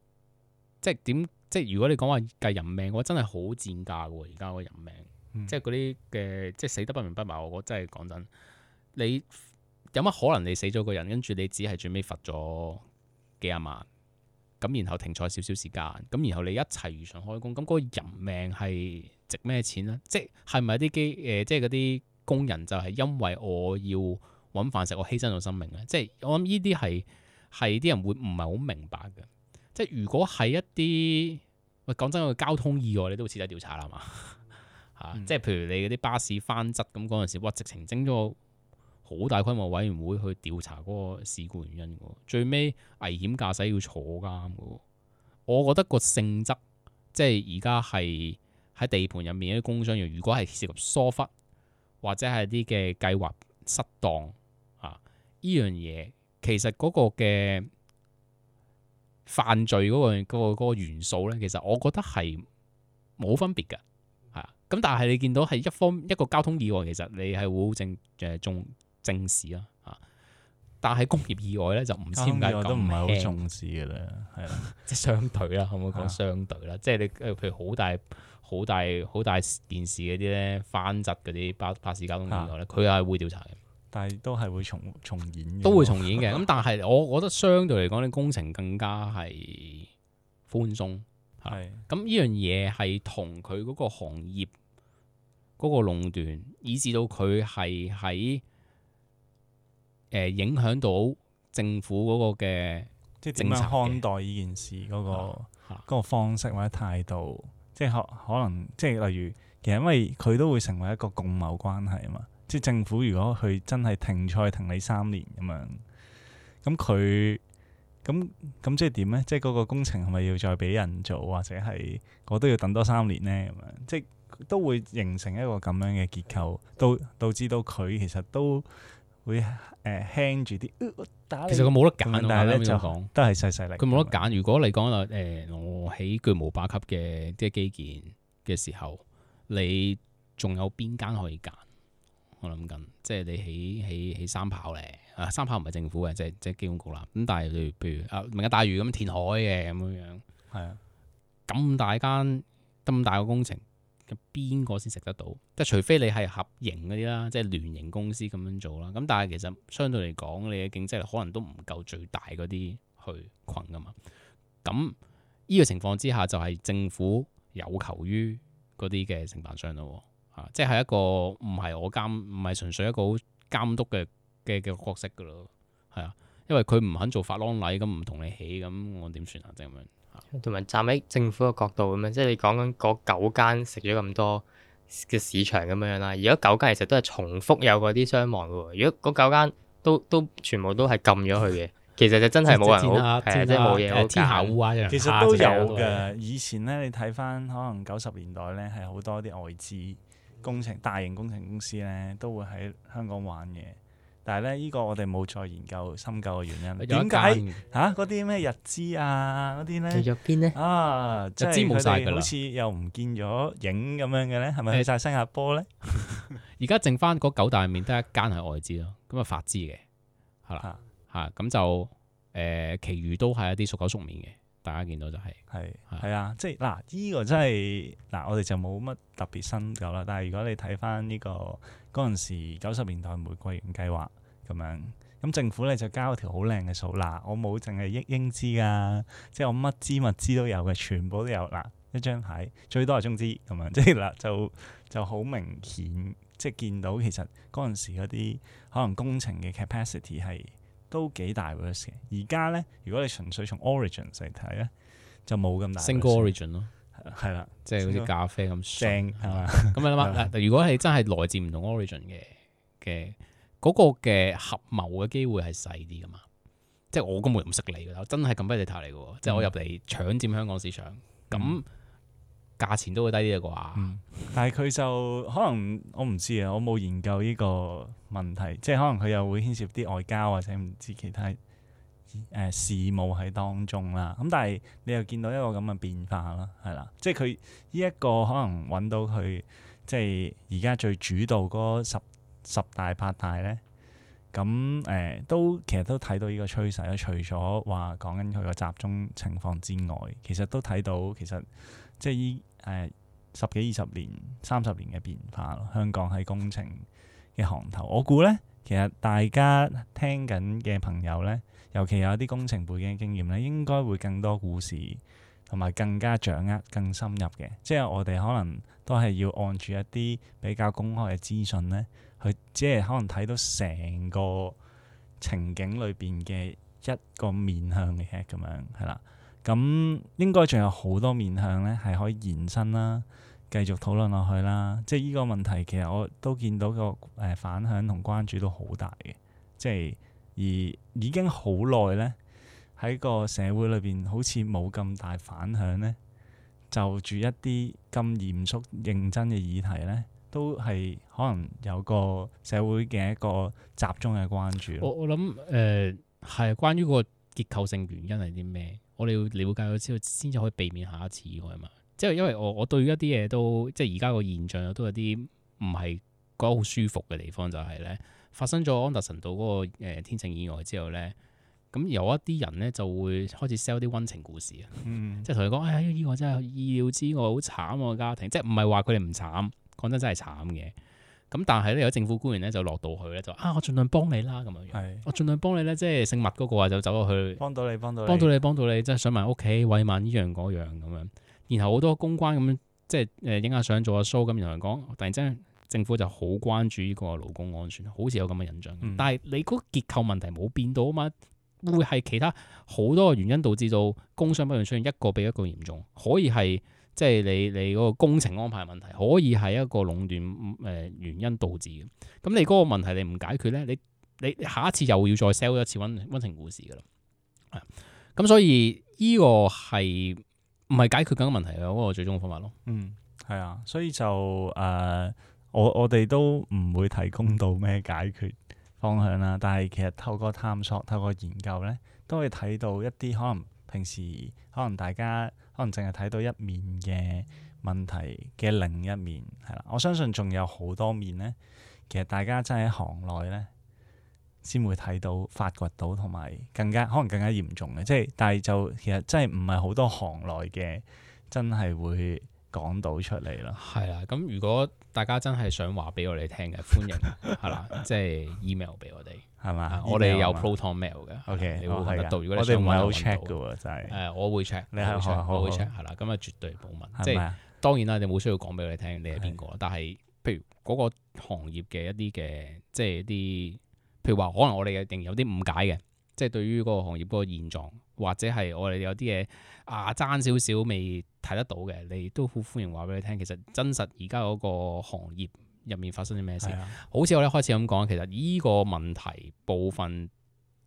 即係點？即係如果你講話計人命，我真係好賤價喎！而家嗰人命，人命人命嗯、即係嗰啲嘅，即係死得不明不白。我真係講真，你有乜可能你死咗個人，跟住你只係最尾罰咗幾廿萬，咁然後停賽少少時間，咁然後你一齊如常開工，咁嗰人命係值咩錢咧？即係係咪啲機誒、呃？即係嗰啲工人就係因為我要搵飯食，我犧牲咗生命咧？即係我諗呢啲係係啲人會唔係好明白嘅。即係如果係一啲喂，講真個交通意外，你都徹底調查啦嘛、嗯、 *laughs* 即係譬如你嗰啲巴士翻側咁嗰陣時，哇直情整咗好大規模委員會去調查嗰個事故原因嘅。最尾危險駕駛要坐監嘅。我覺得個性質即係而家係喺地盤入面啲工傷員，如果係涉及疏忽或者係啲嘅計劃失當呢依、啊、樣嘢其實嗰個嘅。犯罪嗰個嗰元素咧，其實我覺得係冇分別嘅，係啊。咁但係你見到係一方一個交通意外，其實你係會好正誒重、呃、正視啦，嚇。但係工業意外咧就唔知點解，都唔係好重視嘅啦，係啦， *laughs* *laughs* 即係相對啦，可唔可以講相對啦？的即係你譬如好大好大好大件事嗰啲咧，翻側嗰啲巴士交通意外咧，佢係會調查嘅。但係都係會重重演，嘅，都會重演嘅。咁 *laughs* 但係我覺得相對嚟講，啲工程更加係寬鬆。係咁，呢樣嘢係同佢個行業個壟斷，以至到佢係喺誒影響到政府個嘅即係政策看待呢件事、嗰個嗰、啊啊、個方式或者態度，即係可可能即係例如，其實因為佢都會成為一個共謀關係啊嘛。即政府如果佢真係停賽停你三年咁樣，咁佢咁咁即係點咧？即係嗰個工程係咪要再俾人做，或者係我都要等多三年咧？咁樣即係都會形成一個咁樣嘅結構，導導致到佢其實都會誒輕住啲。呃呃、其實佢冇得揀，但係咧就講都係細細力、嗯。佢冇得揀。樣如果你講就誒，我起巨無霸級嘅即係基建嘅時候，你仲有邊間可以揀？我諗緊，即係你起起起三跑咧，啊三跑唔係政府嘅，即係即係機管局啦。咁但係，譬如譬如啊，明日大嶼咁填海嘅咁樣樣，係啊，咁大間咁大個工程，邊個先食得到？即係除非你係合營嗰啲啦，即係聯營公司咁樣做啦。咁但係其實相對嚟講，你嘅競爭力可能都唔夠最大嗰啲去群噶嘛。咁呢個情況之下，就係政府有求於嗰啲嘅承辦商咯。即係一個唔係我監，唔係純粹一個好監督嘅嘅嘅角色噶咯，係啊，因為佢唔肯做發狼戾咁唔同你起咁，我點算啊？即係咁樣。同埋站喺政府嘅角度咁樣，即係你講緊嗰九間食咗咁多嘅市場咁樣樣啦。如果九間其實都係重複有嗰啲傷亡嘅喎。如果嗰九間都都，都全部都係禁咗佢嘅，其實就真係冇人好，係啊，即係冇嘢好搞。讓它 其實都有嘅，以前咧你睇翻可能九十年代咧係好多啲外資。工程，大型工程公司咧都會喺香港玩嘅，但係咧呢個我哋冇再研究深究嘅原因。點解嚇嗰啲咩日資啊嗰啲咧？入咗邊咧？啊，日資冇晒㗎啦。好似又唔見咗影咁樣嘅咧，係咪去晒新加坡咧？而家 *laughs* 剩翻嗰九大面得一間係外資咯，咁啊法資嘅，係啦嚇，咁就誒、呃，其餘都係一啲熟口熟面嘅。大家見到就係係係啊，即係嗱，依、啊呢個真係嗱、啊，我哋就冇乜特別新舊啦。但係如果你睇翻呢個嗰陣時九十年代玫瑰園計劃咁樣，咁政府咧就交條好靚嘅數嗱、啊，我冇淨係億英資㗎，即係我乜支物資都有嘅，全部都有嗱、啊、一張牌，最多係中資咁樣，即係嗱、啊、就就好明顯，即係見到其實嗰陣時嗰啲可能工程嘅 capacity 係都幾大事嘅，而家咧如果你純粹從 origin 嚟睇咧，就冇咁大的的。single origin 咯，係啦、那個，即係好似咖啡咁，係嘛？咁樣嘛？嗱，如果係真係來自唔同 origin 嘅嘅嗰個嘅合謀嘅機會係細啲噶嘛？即係我根本唔識你㗎，真係咁 understand 嚟㗎喎，即係、嗯、我入嚟搶佔香港市場咁。價錢都會低啲嘅啩，但係佢就可能我唔知啊，我冇研究呢個問題，即係可能佢又會牽涉啲外交或者唔知其他誒、呃、事務喺當中啦。咁但係你又見到一個咁嘅變化啦，係啦，即係佢呢一個可能揾到佢即係而家最主導嗰十十大八大咧。咁誒、呃、都其實都睇到呢個趨勢啦，除咗話講緊佢個集中情況之外，其實都睇到其實即係依誒十幾二十年、三十年嘅變化咯。香港喺工程嘅行頭，我估呢其實大家聽緊嘅朋友呢，尤其有一啲工程背景經驗呢，應該會更多故事同埋更加掌握、更深入嘅。即係我哋可能都係要按住一啲比較公開嘅資訊呢。佢即係可能睇到成個情景裏邊嘅一個面向嘅咁樣，係啦。咁、嗯、應該仲有好多面向咧，係可以延伸啦，繼續討論落去啦。即係呢個問題，其實我都見到個誒、呃、反響同關注都好大嘅。即係而已經好耐咧，喺個社會裏邊好似冇咁大反響咧，就住一啲咁嚴肅認真嘅議題咧。都係可能有個社會嘅一個集中嘅關注。我我諗誒係關於個結構性原因係啲咩？我哋要了解咗之後，先至可以避免下一次意外㗎嘛。即係因為我我對一啲嘢都即係而家個現象都有啲唔係覺得好舒服嘅地方，就係咧，發生咗安達臣道嗰個誒天晴意外之後咧，咁有一啲人咧就會開始 sell 啲溫情故事啊，嗯，即係同你講，哎呀，呢個真係意料之外，好慘啊，個家庭，即係唔係話佢哋唔慘。講真真係慘嘅，咁但係咧，有政府官員咧就落到去咧，就啊，我盡量幫你啦咁樣。係，我盡量幫你咧，即係姓麥嗰個啊，就走落去。幫到你，幫到。幫到你，幫到你，即係、就是、想埋屋企慰問依樣嗰樣咁樣。然後好多公關咁，即係誒影下相做下 show 咁，然後講突然之間政府就好關注呢個勞工安全，好似有咁嘅印象。嗯、但係你嗰個結構問題冇變到啊嘛，會係其他好多原因導致到工傷不斷出現，一個比一個嚴重，可以係。即係你你嗰個工程安排問題，可以係一個壟斷誒、呃、原因導致嘅。咁你嗰個問題你唔解決咧，你你下一次又要再 sell 一次溫溫情故事噶啦。咁所以呢個係唔係解決緊問題嘅嗰、嗰個最終嘅方法咯？嗯，係啊，所以就誒、呃，我我哋都唔會提供到咩解決方向啦。但係其實透過探索、透過研究咧，都可以睇到一啲可能平時可能大家。可能淨係睇到一面嘅問題嘅另一面。係啦，我相信仲有好多面咧。其實大家真係喺行內咧，先會睇到發掘到同埋更加可能更加嚴重嘅，即係但係就其實真係唔係好多行內嘅真係會講到出嚟咯。係啦，咁如果大家真係想話俾我哋聽嘅，歡迎係啦，即係 email 俾我哋。係嘛？我哋有 ProtonMail 嘅，okay，你會睇得到。的如果你想問，我哋唔係好 check 嘅喎，到就係、誒、我會 check，你係是我會 check，係啦，咁啊，絕對保密。吧即係當然啦，你冇需要講俾我哋聽，你係邊個。但係譬如嗰、嗰個行業嘅一啲嘅，即係一啲譬如話，可能我哋一定有啲誤解嘅，即係對於嗰個行業嗰個現狀，或者係我哋有啲嘢啊爭少少未睇得到嘅，你都好歡迎話俾你聽。其實真實而家嗰個行業入面發生啲咩事？的好似我哋開始咁講，其實依個問題部分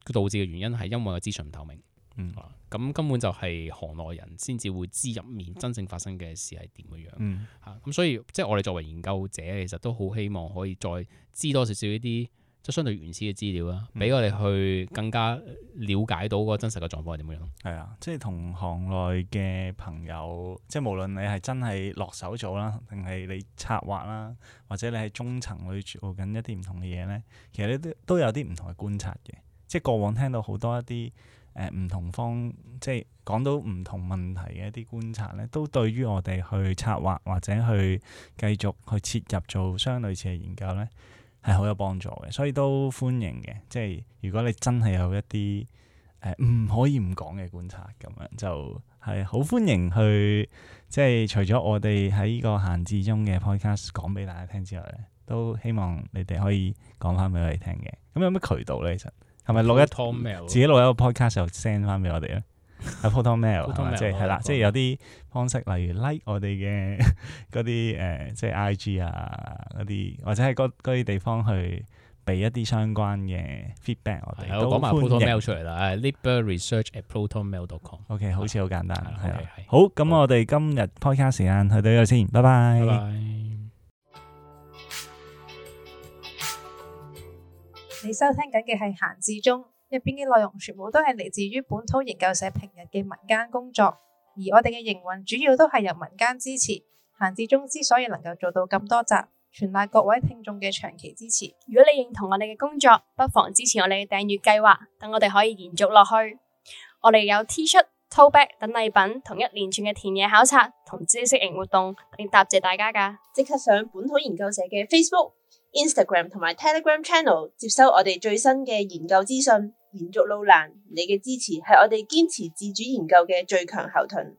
佢導致嘅原因係因為個資訊唔透明。嗯，咁、嗯、根本就係行內人先至會知入面真正發生嘅事係點樣。嗯，咁、嗯、所以即係、就是、我哋作為研究者，其實都好希望可以再知多少少呢啲。即相對原始嘅資料啦，俾我哋去更加了解到嗰個真實嘅狀況係點樣。係啊，即係同行內嘅朋友，即係無論你係真係落手做啦，定係你策劃啦，或者你喺中層裏做緊一啲唔同嘅嘢咧，其實你都都有啲唔同嘅觀察嘅。即係過往聽到好多一啲誒唔同方，即係講到唔同問題嘅一啲觀察咧，都對於我哋去策劃或者去繼續去切入做相類似嘅研究咧，係好有幫助嘅，所以都歡迎嘅。即係如果你真係有一啲誒唔可以唔講嘅觀察咁樣就，就係好歡迎去。即係除咗我哋喺呢個閒置中嘅 podcast 講俾大家聽之外咧，都希望你哋可以講翻俾我哋聽嘅。咁有咩渠道咧？其實係咪錄一 email 自己錄一個 podcast 就 send 翻俾我哋咧？喺 proton mail，啊，即係係啦，即係有啲方式，例如 like 我哋嘅嗰啲誒，即係 I G 啊，嗰啲或者係嗰嗰啲地方去俾一啲相關嘅 feedback 我哋。係，我講埋 proton mail 出嚟啦，Liber Research at Proton Mail dot com。OK，好似好簡單係啦。好，咁我哋今日 podcast 時間去到呢度先，拜拜。你收聽緊嘅係閒置中，入邊嘅內容全部都係嚟自於本土研究社平日嘅民間工作，而我哋嘅營運主要都係由民間支持。閒置中之，所以能夠做到咁多集，全賴各位聽眾嘅長期支持。如果你認同我哋嘅工作，不妨支持我哋嘅訂閱計劃，等我哋可以延續落去。我哋有 T 恤、Tote Bag 等禮品，同一連串嘅田野考察同知識型活動，並答謝大家噶。即刻上本土研究社嘅 Facebook、Instagram 同埋 Telegram Channel，接收我哋最新嘅研究資訊。延續路難，你嘅支持係我哋堅持自主研究嘅最強後盾。